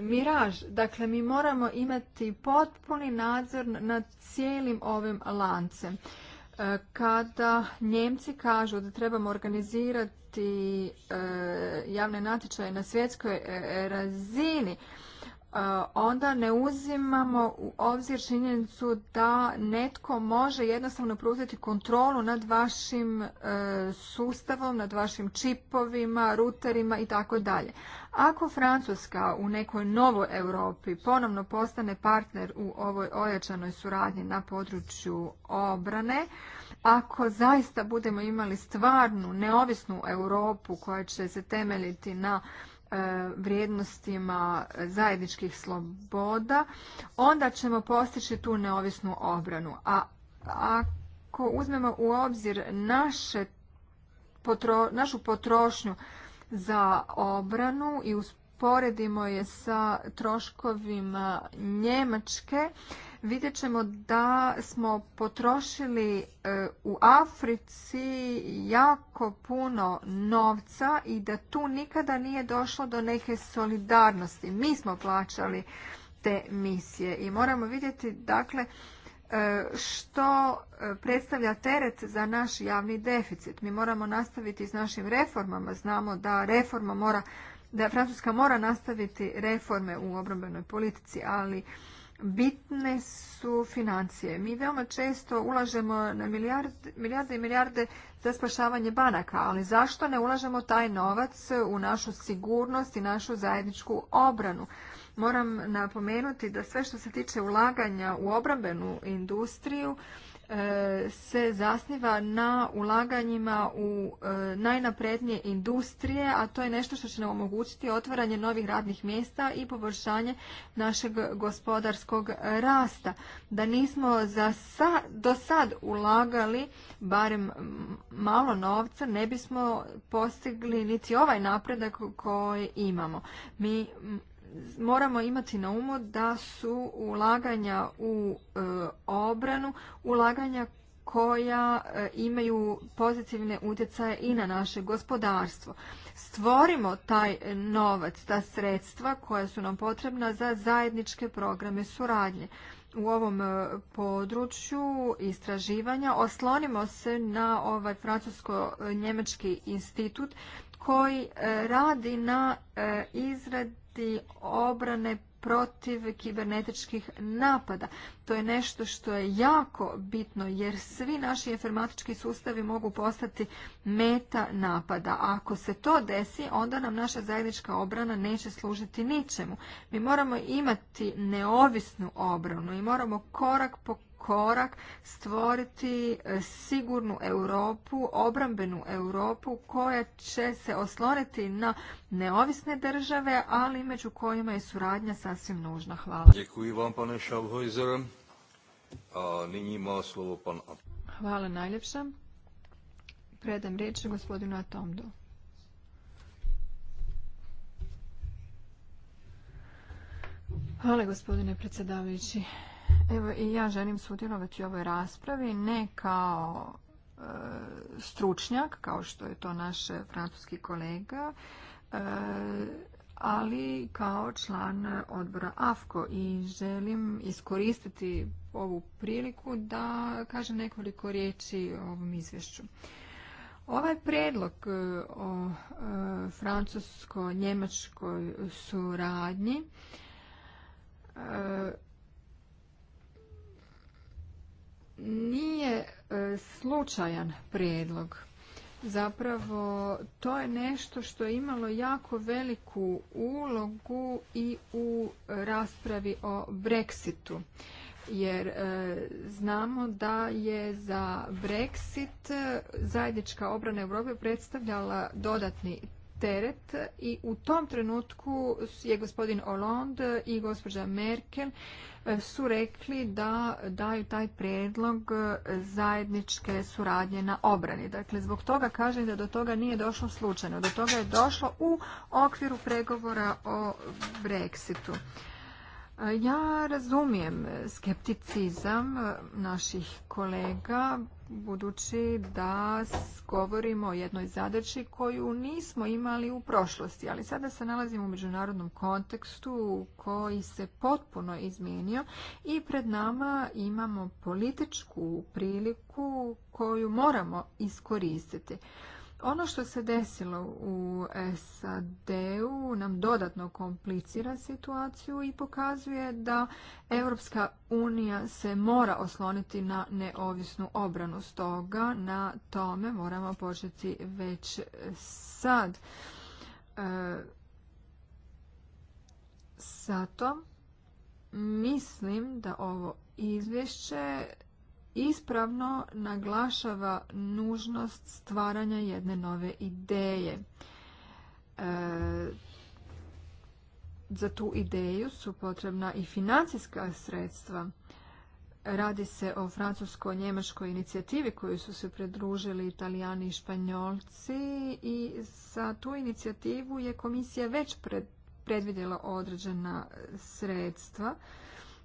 miraž. Dakle, mi moramo imati potpuni nadzor nad cijelim ovim lancem. E, kada Njemci kažu da trebamo organizirati e, javne natječaje na svjetskoj e, razini, E, onda ne uzimamo u obzir činjenicu da netko može jednostavno preuzeti kontrolu nad vašim e, sustavom, nad vašim čipovima, ruterima i tako dalje. Ako Francuska u nekoj novoj Europi ponovno postane partner u ovoj ojačanoj suradnji na području obrane, ako zaista budemo imali stvarnu neovisnu Europu koja će se temeljiti na E, vrijednostima zajedničkih sloboda, onda ćemo postići tu neovisnu obranu. A ako uzmemo u obzir našu potrošnju za obranu i uz usporedimo je sa troškovima Njemačke, vidjet ćemo da smo potrošili e, u Africi jako puno novca i da tu nikada nije došlo do neke solidarnosti. Mi smo plaćali te misije i moramo vidjeti dakle e, što e, predstavlja teret za naš javni deficit. Mi moramo nastaviti s našim reformama. Znamo da reforma mora da Francuska mora nastaviti reforme u obrambenoj politici, ali bitne su financije. Mi veoma često ulažemo na milijarde, i milijarde za spašavanje banaka, ali zašto ne ulažemo taj novac u našu sigurnost i našu zajedničku obranu? Moram napomenuti da sve što se tiče ulaganja u obrambenu industriju E, se zasniva na ulaganjima u e, najnaprednije industrije, a to je nešto što će nam omogućiti otvaranje novih radnih mjesta i poboljšanje našeg gospodarskog rasta. Da nismo za sa, do sad ulagali barem malo novca, ne bismo postigli niti ovaj napredak koji imamo. Mi moramo imati na umu da su ulaganja u e, obranu ulaganja koja e, imaju pozitivne utjecaje i na naše gospodarstvo. Stvorimo taj novac, ta sredstva koja su nam potrebna za zajedničke programe suradnje. U ovom e, području istraživanja oslonimo se na ovaj francusko-njemački institut koji radi na izradi obrane protiv kibernetičkih napada. To je nešto što je jako bitno jer svi naši informatički sustavi mogu postati meta napada. ako se to desi, onda nam naša zajednička obrana neće služiti ničemu. Mi moramo imati neovisnu obranu i moramo korak po korak stvoriti e, sigurnu Europu, obrambenu Europu koja će se osloniti na neovisne države, ali među kojima je suradnja sasvim nužna. Hvala. Hvala najljepša. Predam riječ gospodinu Atomdu. Hvala gospodine predsjedavajući. Evo i ja želim sudjelovati u ovoj raspravi ne kao e, stručnjak, kao što je to naš francuski kolega, e, ali kao član odbora AFKO i želim iskoristiti ovu priliku da kažem nekoliko riječi o ovom izvješću. Ovaj predlog e, o francusko-njemačkoj suradnji nije e, slučajan prijedlog. Zapravo to je nešto što je imalo jako veliku ulogu i u raspravi o Brexitu. Jer e, znamo da je za Brexit e, zajednička obrana Europe predstavljala dodatni teret i u tom trenutku je gospodin Hollande i gospođa Merkel su rekli da daju taj prijedlog e, zajedničke suradnje na obrani. Dakle, zbog toga kažem da do toga nije došlo slučajno. Do toga je došlo u okviru pregovora o Brexitu. E, ja razumijem skepticizam e, naših kolega budući da govorimo o jednoj zadaći koju nismo imali u prošlosti, ali sada se nalazimo u međunarodnom kontekstu koji se potpuno izmijenio i pred nama imamo političku priliku koju moramo iskoristiti. Ono što se desilo u SAD-u nam dodatno komplicira situaciju i pokazuje da Europska unija se mora osloniti na neovisnu obranu. Stoga na tome moramo početi već sad. E, zato mislim da ovo izvješće ispravno naglašava nužnost stvaranja jedne nove ideje. E, za tu ideju su potrebna i financijska sredstva. Radi se o francusko-njemačkoj inicijativi koju su se pridružili italijani i španjolci i za tu inicijativu je komisija već predvidjela određena sredstva.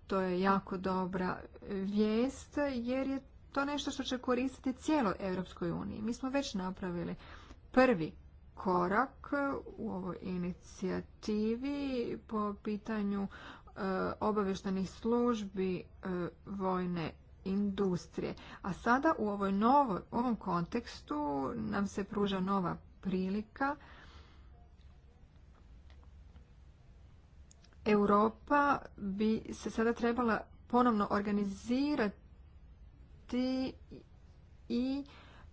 To je jako dobra vijest jer je to nešto što će koristiti cijelo Europskoj uniji. Mi smo već napravili prvi korak u ovoj inicijativi po pitanju e, obavještajnih službi e, vojne industrije. A sada u ovom kontekstu nam se pruža nova prilika Europa bi se sada trebala ponovno organizirati i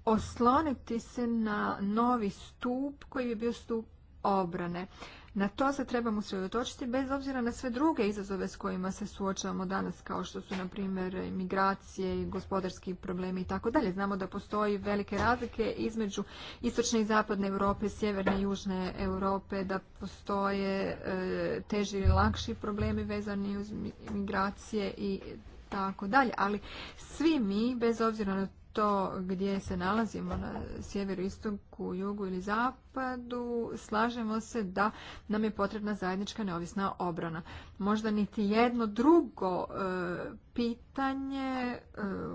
osloniti se na novi stup koji je bio stup obrane. Na to se trebamo sredotočiti bez obzira na sve druge izazove s kojima se suočavamo danas, kao što su, na primjer, migracije i gospodarski problemi i tako dalje. Znamo da postoji velike razlike između istočne i zapadne Europe, sjeverne i južne Europe, da postoje e, teži ili lakši problemi vezani uz migracije i tako dalje. Ali svi mi, bez obzira na to gdje se nalazimo na sjeveru, istoku, jugu ili zapadu, slažemo se da nam je potrebna zajednička neovisna obrana. Možda niti jedno drugo e, pitanje e,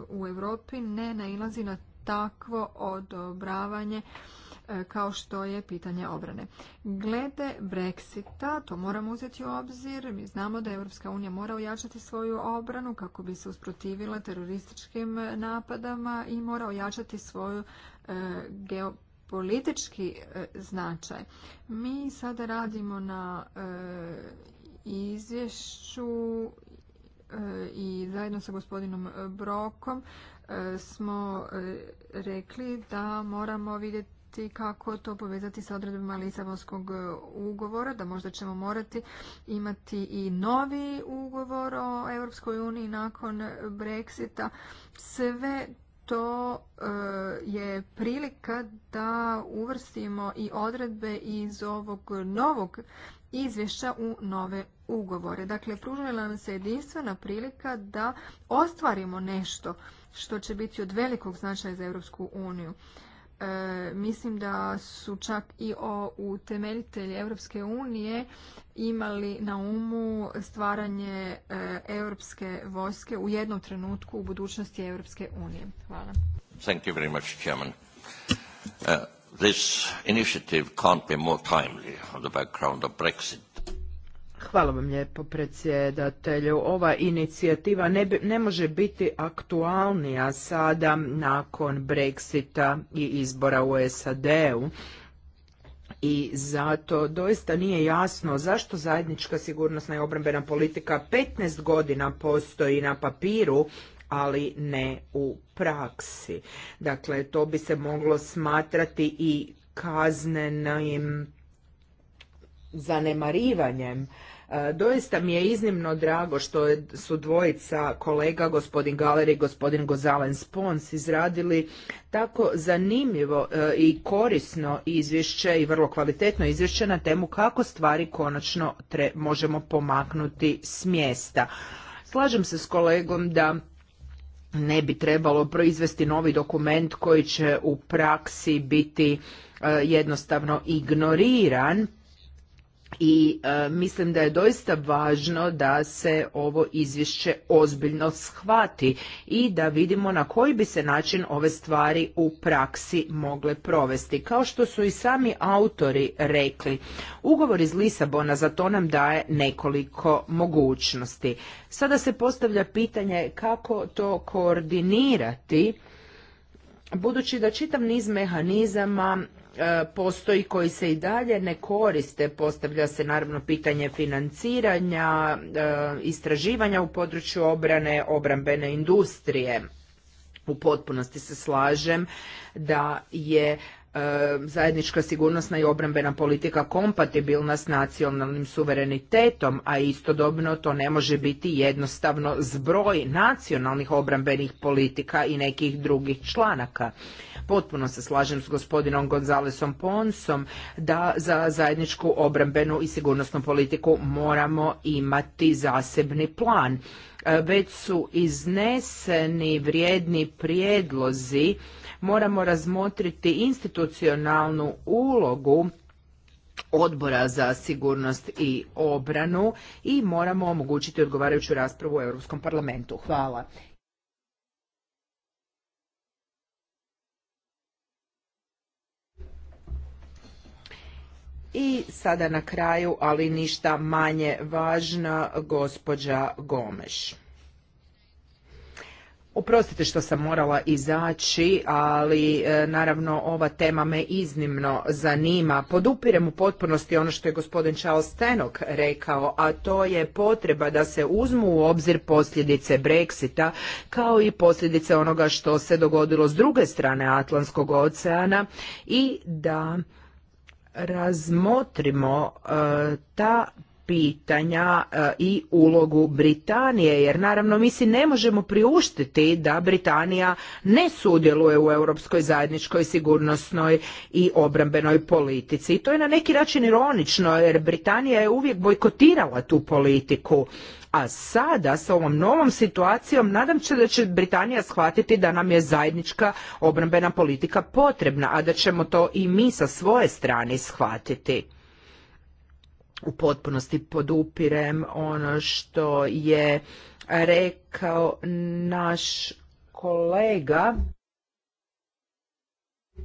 u Europi ne nailazi na takvo odobravanje E, kao što je pitanje obrane. Glede Brexita, to moramo uzeti u obzir. Mi znamo da Europska unija mora ojačati svoju obranu kako bi se usprotivila terorističkim napadama i mora ojačati svoju e, geopolitički e, značaj. Mi sada radimo na izvješću i zajedno sa gospodinom Brokom smo rekli da moramo vidjeti vidjeti kako to povezati sa odredbama Lisabonskog e, ugovora, da možda ćemo morati imati i novi ugovor o Europskoj uniji nakon Brexita. Sve to e, je prilika da uvrstimo i odredbe iz ovog novog izvješća u nove ugovore. Dakle, pružila nam se jedinstvena prilika da ostvarimo nešto što će biti od velikog značaja za Europsku uniju e, mislim da su čak i o utemeljitelji Europske unije imali na umu stvaranje e, europske vojske u jednom trenutku u budućnosti Europske unije. Hvala. Thank you very much, Chairman. Uh, this initiative can't be more timely on the background of Brexit. Hvala vam lijepo predsjedatelju. Ova inicijativa ne, može biti aktualnija sada nakon Brexita i izbora u SAD-u i zato doista nije jasno zašto zajednička sigurnosna i obrambena politika 15 godina postoji na papiru, ali ne u praksi. Dakle, to bi se moglo smatrati i kaznenim zanemarivanjem. E, doista mi je iznimno drago što su dvojica kolega, gospodin Galer i gospodin Gozalen Spons, izradili tako zanimljivo e, i korisno izvješće i vrlo kvalitetno izvješće na temu kako stvari konačno možemo pomaknuti s mjesta. Slažem se s kolegom da ne bi trebalo proizvesti novi dokument koji će u praksi biti e, jednostavno ignoriran i e, mislim da je doista važno da se ovo izvješće ozbiljno shvati i da vidimo na koji bi se način ove stvari u praksi mogle provesti kao što su i sami autori rekli ugovor iz Lisabona za to nam daje nekoliko mogućnosti sada se postavlja pitanje kako to koordinirati budući da čitav niz mehanizama E, postoji koji se i dalje ne koriste. Postavlja se naravno pitanje financiranja, e, istraživanja u području obrane, obrambene industrije. U potpunosti se slažem da je E, zajednička sigurnosna i obrambena politika kompatibilna s nacionalnim suverenitetom, a istodobno to ne može biti jednostavno zbroj nacionalnih obrambenih politika i nekih drugih članaka. Potpuno se slažem s gospodinom Gonzalesom Ponsom da za zajedničku obrambenu i sigurnosnu politiku moramo imati zasebni plan. E, već su izneseni vrijedni prijedlozi moramo razmotriti institucionalnu ulogu odbora za sigurnost i obranu i moramo omogućiti odgovarajuću raspravu u Europskom parlamentu. Hvala. I sada na kraju, ali ništa manje važna, gospođa Gomeš. Oprostite što sam morala izaći, ali e, naravno ova tema me iznimno zanima. Podupirem u potpunosti ono što je gospodin Charles Stenok rekao, a to je potreba da se uzmu u obzir posljedice Brexita kao i posljedice onoga što se dogodilo s druge strane Atlantskog oceana i da razmotrimo e, ta pitanja e, i ulogu Britanije, jer naravno mi si ne možemo priuštiti da Britanija ne sudjeluje u europskoj zajedničkoj sigurnosnoj i obrambenoj politici. I to je na neki način ironično, jer Britanija je uvijek bojkotirala tu politiku. A sada sa ovom novom situacijom nadam se da će Britanija shvatiti da nam je zajednička obrambena politika potrebna, a da ćemo to i mi sa svoje strane shvatiti u potpunosti podupirem ono što je rekao naš kolega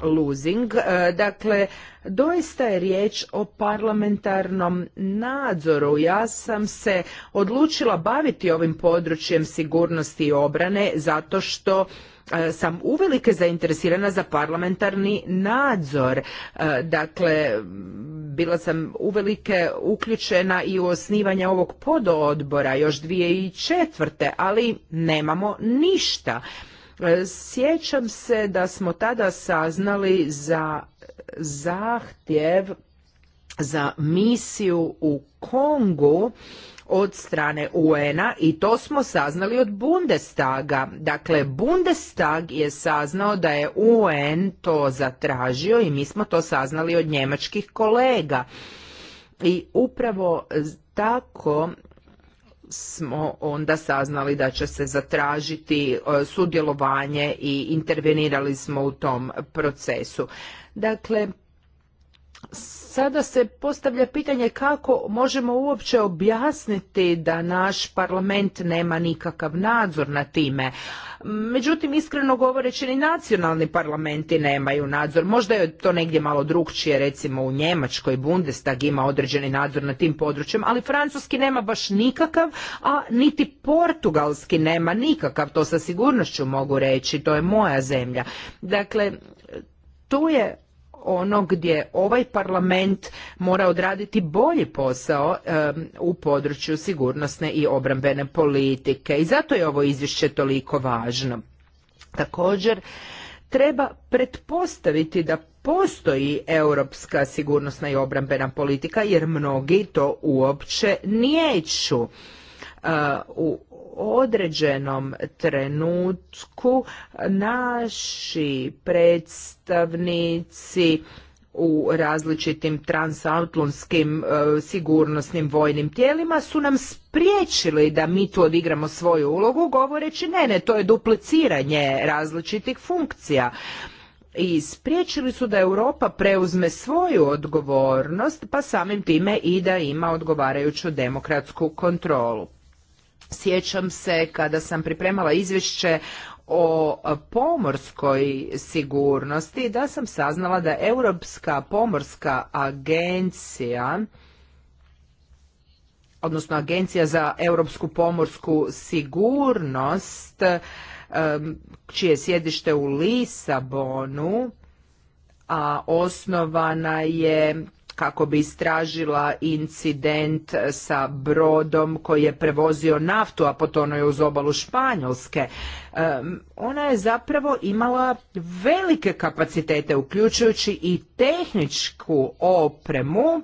Luzing. E, dakle, doista je riječ o parlamentarnom nadzoru. Ja sam se odlučila baviti ovim područjem sigurnosti i obrane zato što E, sam uvelike zainteresirana za parlamentarni nadzor. E, dakle, bila sam uvelike uključena i u osnivanje ovog pododbora još 2004. ali nemamo ništa. E, sjećam se da smo tada saznali za zahtjev za misiju u Kongu od strane UN-a i to smo saznali od Bundestaga. Dakle, Bundestag je saznao da je UN to zatražio i mi smo to saznali od njemačkih kolega. I upravo tako smo onda saznali da će se zatražiti e, sudjelovanje i intervenirali smo u tom procesu. Dakle, sada se postavlja pitanje kako možemo uopće objasniti da naš parlament nema nikakav nadzor na time. Međutim, iskreno govoreći, ni nacionalni parlamenti nemaju nadzor. Možda je to negdje malo drugčije, recimo u Njemačkoj Bundestag ima određeni nadzor na tim područjem, ali francuski nema baš nikakav, a niti portugalski nema nikakav, to sa sigurnošću mogu reći, to je moja zemlja. Dakle, tu je ono gdje ovaj parlament mora odraditi bolji posao u području sigurnosne i obrambene politike i zato je ovo izvješće toliko važno. Također treba pretpostaviti da postoji europska sigurnosna i obrambena politika jer mnogi to uopće nijeću eh, u određenom trenutku naši predstavnici u različitim transatlantskim e, sigurnosnim vojnim tijelima su nam spriječili da mi tu odigramo svoju ulogu govoreći ne, ne, to je dupliciranje različitih funkcija i spriječili su da Europa preuzme svoju odgovornost, pa samim time i da ima odgovarajuću demokratsku kontrolu. Sjećam se kada sam pripremala izvješće o pomorskoj sigurnosti da sam saznala da Europska pomorska agencija odnosno Agencija za europsku pomorsku sigurnost čije sjedište u Lisabonu a osnovana je kako bi istražila incident sa brodom koji je prevozio naftu, a potonuo je uz obalu Španjolske. ona je zapravo imala velike kapacitete, uključujući i tehničku opremu,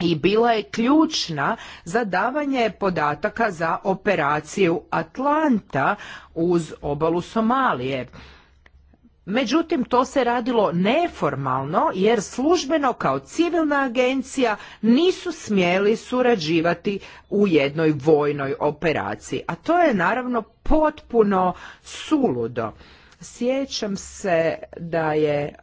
i bila je ključna za davanje podataka za operaciju Atlanta uz obalu Somalije. Međutim, to se radilo neformalno jer službeno kao civilna agencija nisu smjeli surađivati u jednoj vojnoj operaciji. A to je naravno potpuno suludo. Sjećam se da je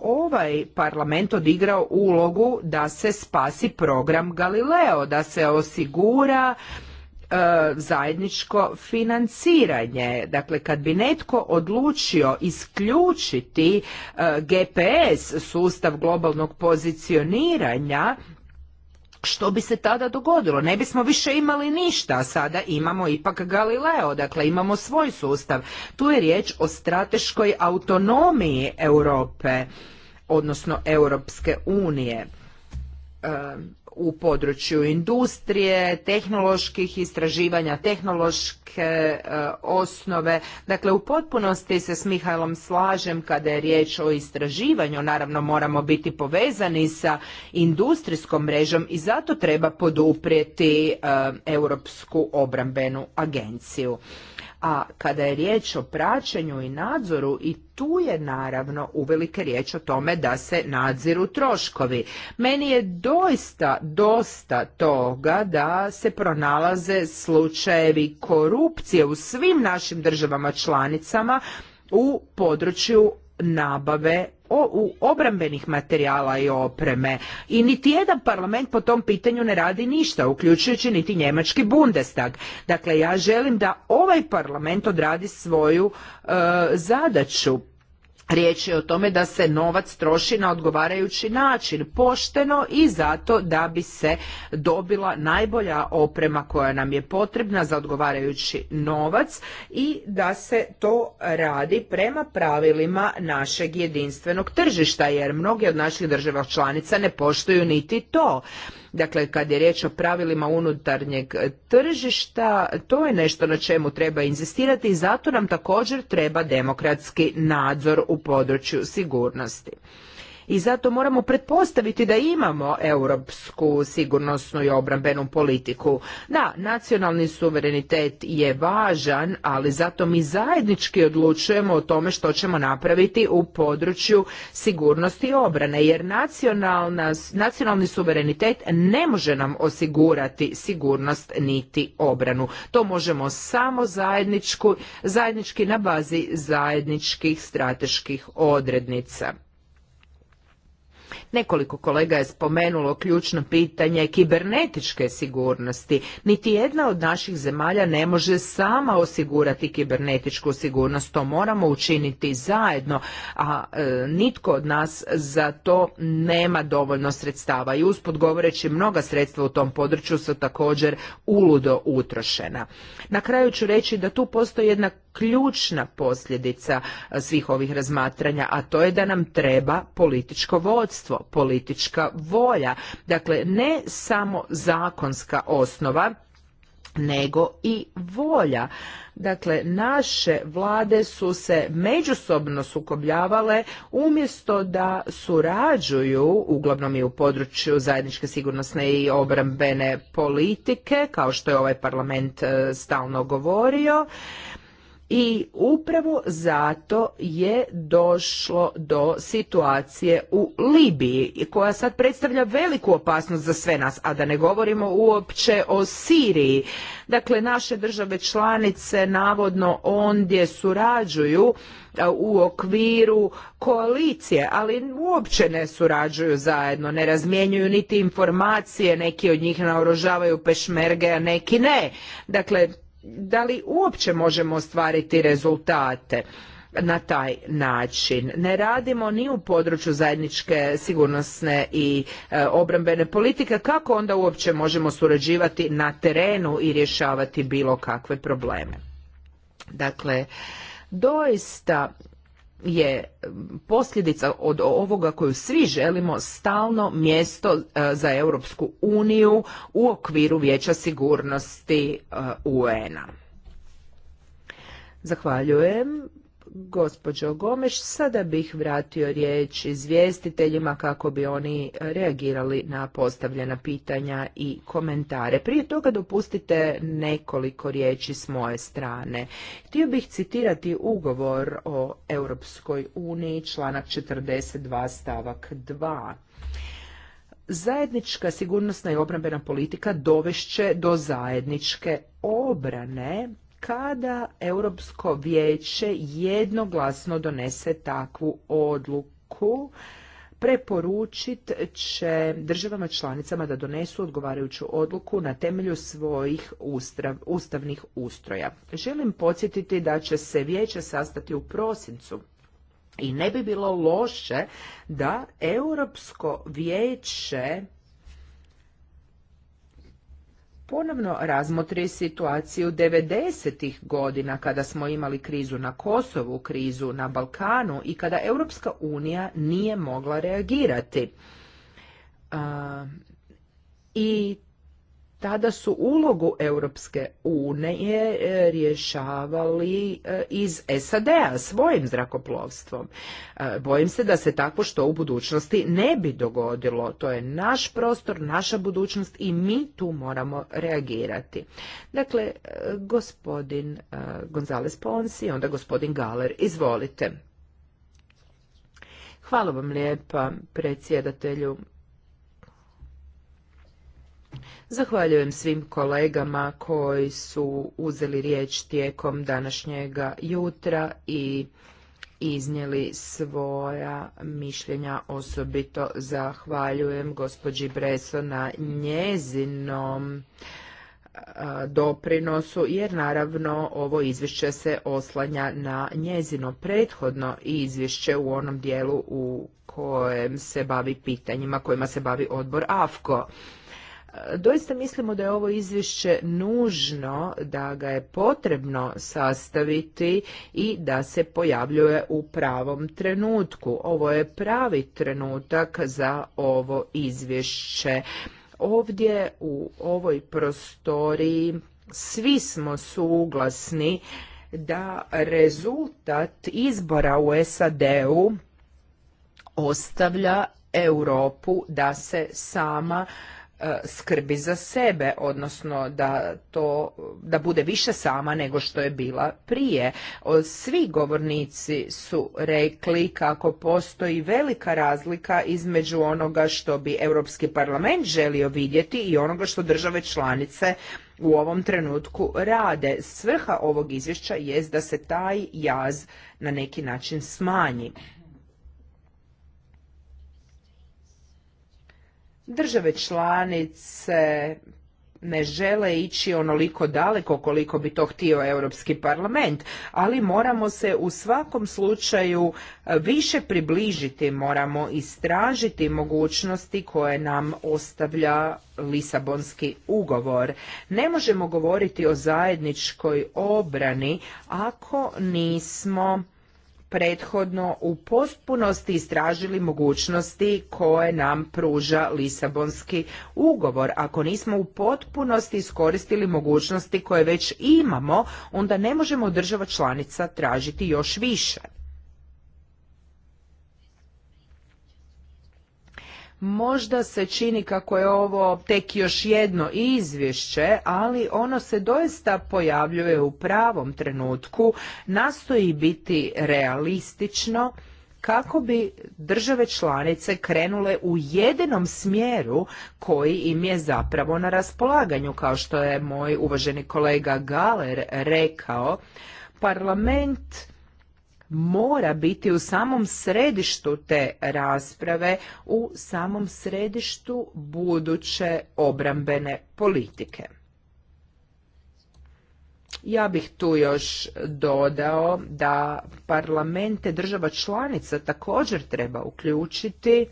ovaj parlament odigrao ulogu da se spasi program Galileo, da se osigura E, zajedničko financiranje. Dakle, kad bi netko odlučio isključiti e, GPS, sustav globalnog pozicioniranja, što bi se tada dogodilo? Ne bismo više imali ništa, a sada imamo ipak Galileo, dakle imamo svoj sustav. Tu je riječ o strateškoj autonomiji Europe, odnosno Europske unije. E, u području industrije, tehnoloških istraživanja, tehnološke e, osnove. Dakle, u potpunosti se s Mihajlom slažem kada je riječ o istraživanju. Naravno, moramo biti povezani sa industrijskom mrežom i zato treba poduprijeti e, Europsku obrambenu agenciju a kada je riječ o praćenju i nadzoru i tu je naravno uvelike riječ o tome da se nadziru troškovi. Meni je doista dosta toga da se pronalaze slučajevi korupcije u svim našim državama članicama u području nabave u obrambenih materijala i opreme. I niti jedan parlament po tom pitanju ne radi ništa, uključujući niti njemački Bundestag. Dakle, ja želim da ovaj parlament odradi svoju e, zadaću Riječ je o tome da se novac troši na odgovarajući način, pošteno i zato da bi se dobila najbolja oprema koja nam je potrebna za odgovarajući novac i da se to radi prema pravilima našeg jedinstvenog tržišta jer mnoge od naših država članica ne poštuju niti to. Dakle, kad je riječ o pravilima unutarnjeg tržišta, to je nešto na čemu treba inzistirati i zato nam također treba demokratski nadzor u području sigurnosti i zato moramo pretpostaviti da imamo europsku sigurnosnu i obrambenu politiku. Da, nacionalni suverenitet je važan, ali zato mi zajednički odlučujemo o tome što ćemo napraviti u području sigurnosti i obrane, jer nacionalni suverenitet ne može nam osigurati sigurnost niti obranu. To možemo samo zajednički na bazi zajedničkih strateških odrednica. Nekoliko kolega je spomenulo ključno pitanje kibernetičke sigurnosti. Niti jedna od naših zemalja ne može sama osigurati kibernetičku sigurnost. To moramo učiniti zajedno, a e, nitko od nas za to nema dovoljno sredstava. I usput govoreći, mnoga sredstva u tom području su također uludo utrošena. Na kraju ću reći da tu postoji jedna ključna posljedica svih ovih razmatranja, a to je da nam treba političko vodstvo, politička volja. Dakle, ne samo zakonska osnova, nego i volja. Dakle, naše vlade su se međusobno sukobljavale umjesto da surađuju, uglavnom i u području zajedničke sigurnosne i obrambene politike, kao što je ovaj parlament e, stalno govorio, i upravo zato je došlo do situacije u Libiji koja sad predstavlja veliku opasnost za sve nas, a da ne govorimo uopće o Siriji. Dakle, naše države članice navodno ondje surađuju u okviru koalicije, ali uopće ne surađuju zajedno, ne razmjenjuju niti informacije, neki od njih naoružavaju pešmerge, a neki ne. Dakle, da li uopće možemo ostvariti rezultate na taj način. Ne radimo ni u području zajedničke sigurnosne i e, obrambene politike, kako onda uopće možemo surađivati na terenu i rješavati bilo kakve probleme. Dakle, doista je posljedica od ovoga koju svi želimo stalno mjesto e, za Europsku uniju u okviru Vijeća sigurnosti e, UN-a. Zahvaljujem. Gospođo Gomeš, sada bih vratio riječ izvjestiteljima kako bi oni reagirali na postavljena pitanja i komentare. Prije toga dopustite nekoliko riječi s moje strane. Htio bih citirati ugovor o Europskoj uniji, članak 42 stavak 2. Zajednička sigurnosna i obrambena politika dovešće do zajedničke obrane kada Europsko vijeće jednoglasno donese takvu odluku, preporučit će državama članicama da donesu odgovarajuću odluku na temelju svojih ustavnih ustroja. Želim podsjetiti da će se vijeće sastati u prosincu i ne bi bilo loše da Europsko vijeće ponovno razmotri situaciju 90-ih godina kada smo imali krizu na Kosovu, krizu na Balkanu i kada Europska unija nije mogla reagirati. I tada su ulogu Europske unije e, rješavali e, iz SAD-a svojim zrakoplovstvom. E, bojim se da se tako što u budućnosti ne bi dogodilo. To je naš prostor, naša budućnost i mi tu moramo reagirati. Dakle, gospodin Gonzales Ponsi, onda gospodin Galer, izvolite. Hvala vam lijepa, predsjedatelju. Zahvaljujem svim kolegama koji su uzeli riječ tijekom današnjega jutra i iznijeli svoja mišljenja. Osobito zahvaljujem gospođi Breso na njezinom doprinosu, jer naravno ovo izvješće se oslanja na njezino prethodno izvješće u onom dijelu u kojem se bavi pitanjima kojima se bavi odbor AFKO. Doista mislimo da je ovo izvješće nužno, da ga je potrebno sastaviti i da se pojavljuje u pravom trenutku. Ovo je pravi trenutak za ovo izvješće. Ovdje u ovoj prostoriji svi smo suglasni da rezultat izbora u SAD-u ostavlja Europu da se sama E, skrbi za sebe, odnosno da to, da bude više sama nego što je bila prije. Svi govornici su rekli kako postoji velika razlika između onoga što bi Europski parlament želio vidjeti i onoga što države članice u ovom trenutku rade. Svrha ovog izvješća jest da se taj jaz na neki način smanji. Države članice ne žele ići onoliko daleko koliko bi to htio Europski parlament, ali moramo se u svakom slučaju e, više približiti, moramo istražiti mogućnosti koje nam ostavlja Lisabonski ugovor. Ne možemo govoriti o zajedničkoj obrani ako nismo prethodno u potpunosti istražili mogućnosti koje nam pruža Lisabonski ugovor. Ako nismo u potpunosti iskoristili mogućnosti koje već imamo, onda ne možemo država članica tražiti još više. Možda se čini kako je ovo tek još jedno izvješće, ali ono se doista pojavljuje u pravom trenutku, nastoji biti realistično kako bi države članice krenule u jedinom smjeru koji im je zapravo na raspolaganju, kao što je moj uvaženi kolega Galer rekao, parlament mora biti u samom središtu te rasprave, u samom središtu buduće obrambene politike. Ja bih tu još dodao da parlamente država članica također treba uključiti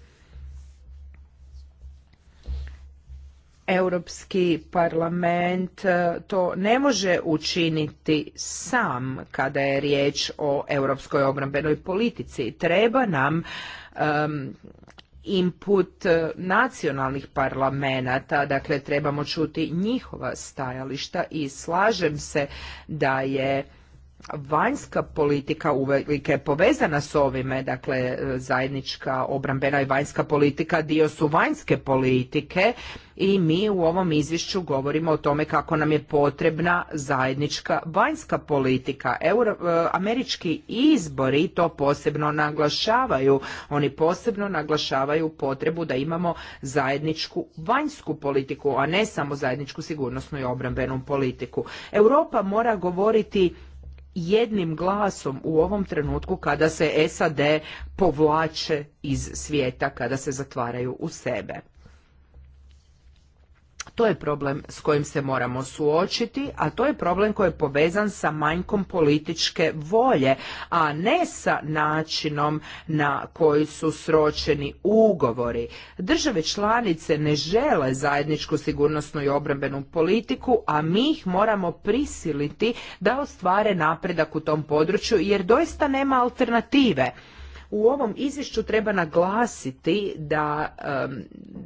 Europski parlament e, to ne može učiniti sam kada je riječ o europskoj obrambenoj politici. Treba nam input nacionalnih parlamenata, dakle trebamo čuti njihova stajališta i slažem se da je vanjska politika uvelike povezana s ovime, dakle zajednička obrambena i vanjska politika dio su vanjske politike i mi u ovom izvješću govorimo o tome kako nam je potrebna zajednička vanjska politika. E, američki izbori to posebno naglašavaju. Oni posebno naglašavaju potrebu da imamo zajedničku vanjsku politiku, a ne samo zajedničku sigurnosnu i obrambenu politiku. Europa mora govoriti jednim glasom u ovom trenutku kada se SAD povlače iz svijeta, kada se zatvaraju u sebe. To je problem s kojim se moramo suočiti, a to je problem koji je povezan sa manjkom političke volje, a ne sa načinom na koji su sročeni ugovori. Države članice ne žele zajedničku sigurnosnu i obrambenu politiku, a mi ih moramo prisiliti da ostvare napredak u tom području jer doista nema alternative. U ovom izvješću treba naglasiti da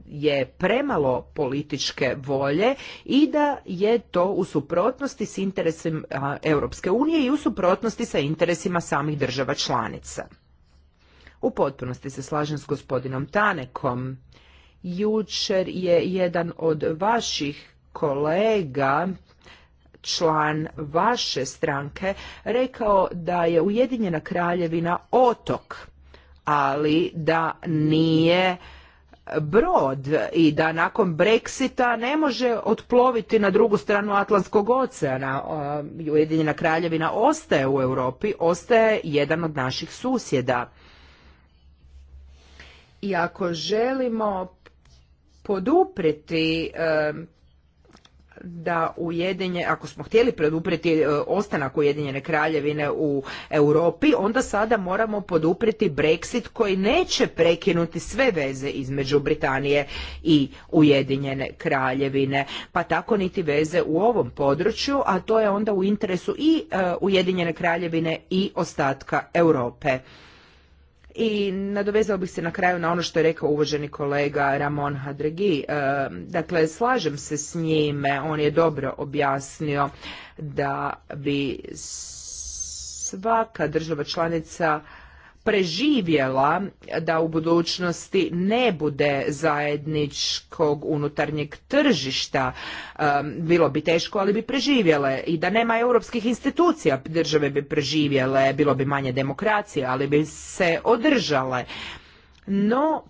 je premalo političke volje i da je to u suprotnosti s interesima Europske unije i u suprotnosti sa interesima samih država članica. U potpunosti se slažem s gospodinom Tanekom. Jučer je jedan od vaših kolega član vaše stranke rekao da je Ujedinjena kraljevina otok ali da nije brod i da nakon Brexita ne može otploviti na drugu stranu Atlantskog oceana. Ujedinjena kraljevina ostaje u Europi, ostaje jedan od naših susjeda. I ako želimo poduprijeti da ujedinje, ako smo htjeli predupriti e, ostanak Ujedinjene kraljevine u Europi, onda sada moramo podupriti Brexit koji neće prekinuti sve veze između Britanije i Ujedinjene kraljevine, pa tako niti veze u ovom području, a to je onda u interesu i e, Ujedinjene kraljevine i ostatka Europe. I nadovezao bih se na kraju na ono što je rekao uvaženi kolega Ramon Hadregi. E, dakle, slažem se s njime, on je dobro objasnio da bi svaka država članica preživjela da u budućnosti ne bude zajedničkog unutarnjeg tržišta. Bilo bi teško, ali bi preživjele. I da nema europskih institucija, države bi preživjele, bilo bi manje demokracije, ali bi se održale. No,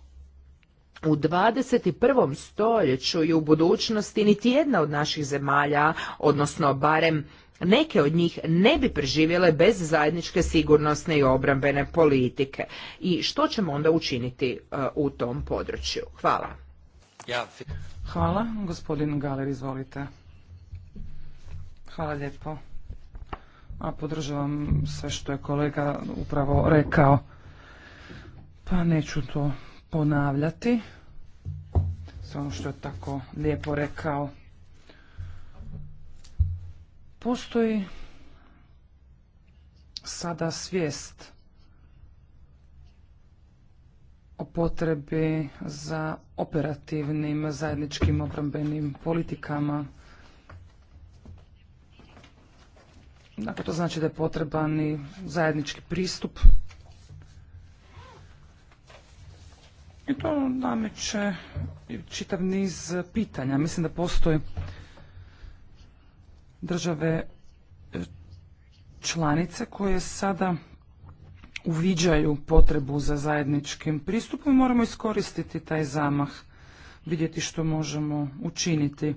u 21. stoljeću i u budućnosti niti jedna od naših zemalja, odnosno barem neke od njih ne bi preživjele bez zajedničke sigurnosne i obrambene politike. I što ćemo onda učiniti e, u tom području? Hvala. Hvala. Gospodin Galer, izvolite. Hvala lijepo. A podržavam sve što je kolega upravo rekao. Pa neću to ponavljati. Sve ono što je tako lijepo rekao. Postoji sada svijest o potrebi za operativnim zajedničkim obrambenim politikama. Dakle, to znači da je potreban i zajednički pristup. I to nameće čitav niz pitanja. Mislim da postoji države e, članice koje sada uviđaju potrebu za zajedničkim pristupom i moramo iskoristiti taj zamah, vidjeti što možemo učiniti.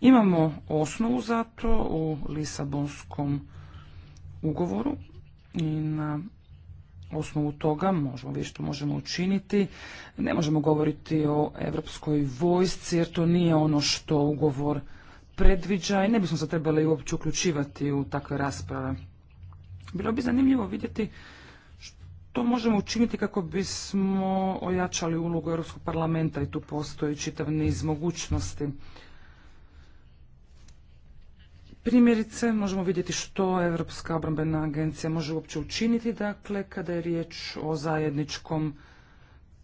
Imamo osnovu za to u Lisabonskom ugovoru i na osnovu toga možemo vidjeti što možemo učiniti. Ne možemo govoriti o europskoj vojsci jer to nije ono što ugovor predviđa i ne bismo se trebali uopće uključivati u takve rasprave. Bilo bi zanimljivo vidjeti što možemo učiniti kako bismo ojačali ulogu Europskog parlamenta i tu postoji čitav niz mogućnosti. Primjerice, možemo vidjeti što Europska obrambena agencija može uopće učiniti, dakle, kada je riječ o zajedničkom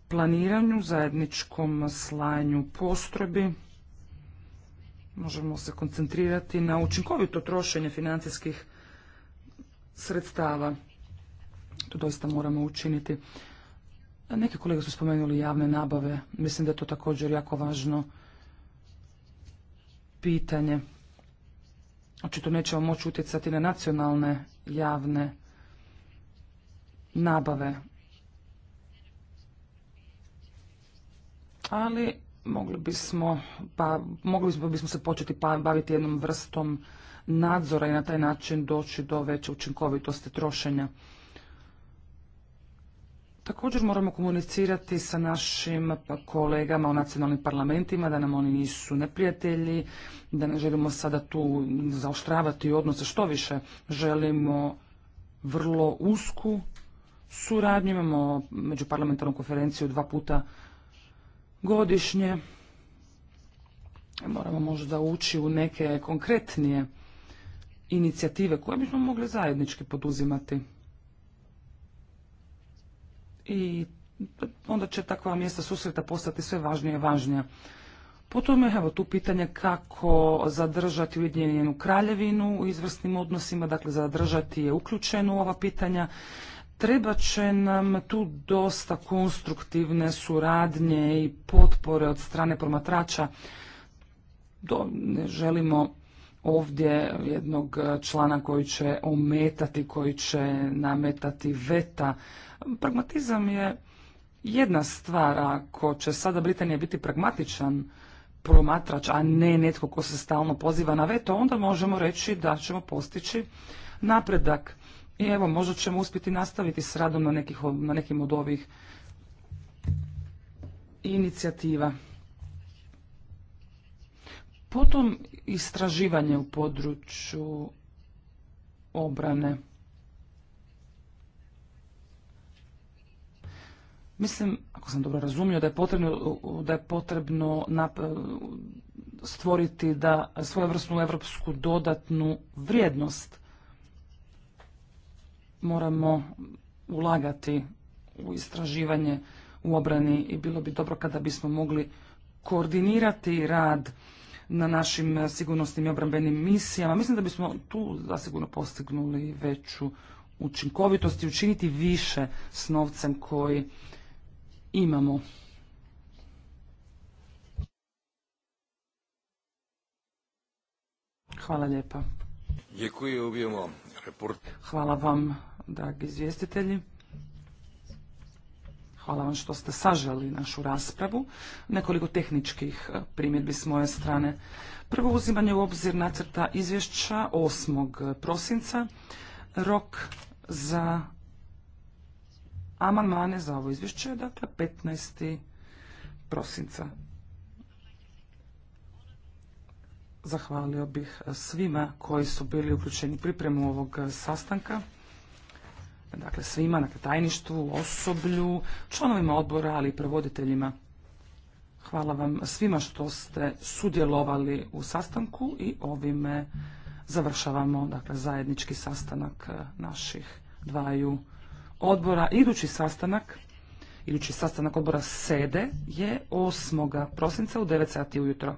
planiranju, zajedničkom slanju postrojbi možemo se koncentrirati na učinkovito trošenje financijskih sredstava. To doista moramo učiniti. Neki kolege su spomenuli javne nabave. Mislim da je to također jako važno pitanje. Očito nećemo moći utjecati na nacionalne javne nabave. Ali mogli bismo, pa mogli bismo, bismo se početi pa, baviti jednom vrstom nadzora i na taj način doći do veće učinkovitosti trošenja. Također moramo komunicirati sa našim kolegama u nacionalnim parlamentima da nam oni nisu neprijatelji, da ne želimo sada tu zaoštravati odnose što više. Želimo vrlo usku suradnju, imamo međuparlamentarnu konferenciju dva puta godišnje. Moramo možda ući u neke konkretnije inicijative koje bismo mogli zajednički poduzimati. I onda će takva mjesta susreta postati sve važnija i važnija. Potom je evo tu pitanje kako zadržati Ujedinjenu kraljevinu u izvrsnim odnosima, dakle zadržati je uključeno u ova pitanja Treba će nam tu dosta konstruktivne suradnje i potpore od strane promatrača. ne želimo ovdje jednog člana koji će ometati, koji će nametati veta. Pragmatizam je jedna stvar, ako će sada Britanija biti pragmatičan promatrač, a ne netko ko se stalno poziva na veto, onda možemo reći da ćemo postići napredak. I evo, možda ćemo uspjeti nastaviti s radom na, na nekim od ovih inicijativa. Potom istraživanje u području obrane. Mislim, ako sam dobro razumio, da je potrebno, da je potrebno stvoriti da svojevrsnu evropsku dodatnu vrijednost moramo ulagati u istraživanje u obrani i bilo bi dobro kada bismo mogli koordinirati rad na našim sigurnosnim i obrambenim misijama. Mislim da bismo tu zasigurno postignuli veću učinkovitost i učiniti više s novcem koji imamo. Hvala lijepa. Hvala vam dragi izvjestitelji. Hvala vam što ste saželi našu raspravu. Nekoliko tehničkih e, primjedbi s moje strane. Prvo uzimanje u obzir nacrta izvješća 8. prosinca. Rok za amandmane za ovo izvješće je dakle 15. prosinca. Zahvalio bih e, svima koji su bili uključeni pripremu ovog e, sastanka dakle svima, na tajništvu, osoblju, članovima odbora, ali i prevoditeljima. Hvala vam svima što ste sudjelovali u sastanku i ovime završavamo dakle, zajednički sastanak e, naših dvaju odbora. Idući sastanak, idući sastanak odbora SEDE je 8. prosinca u 9 sati ujutro.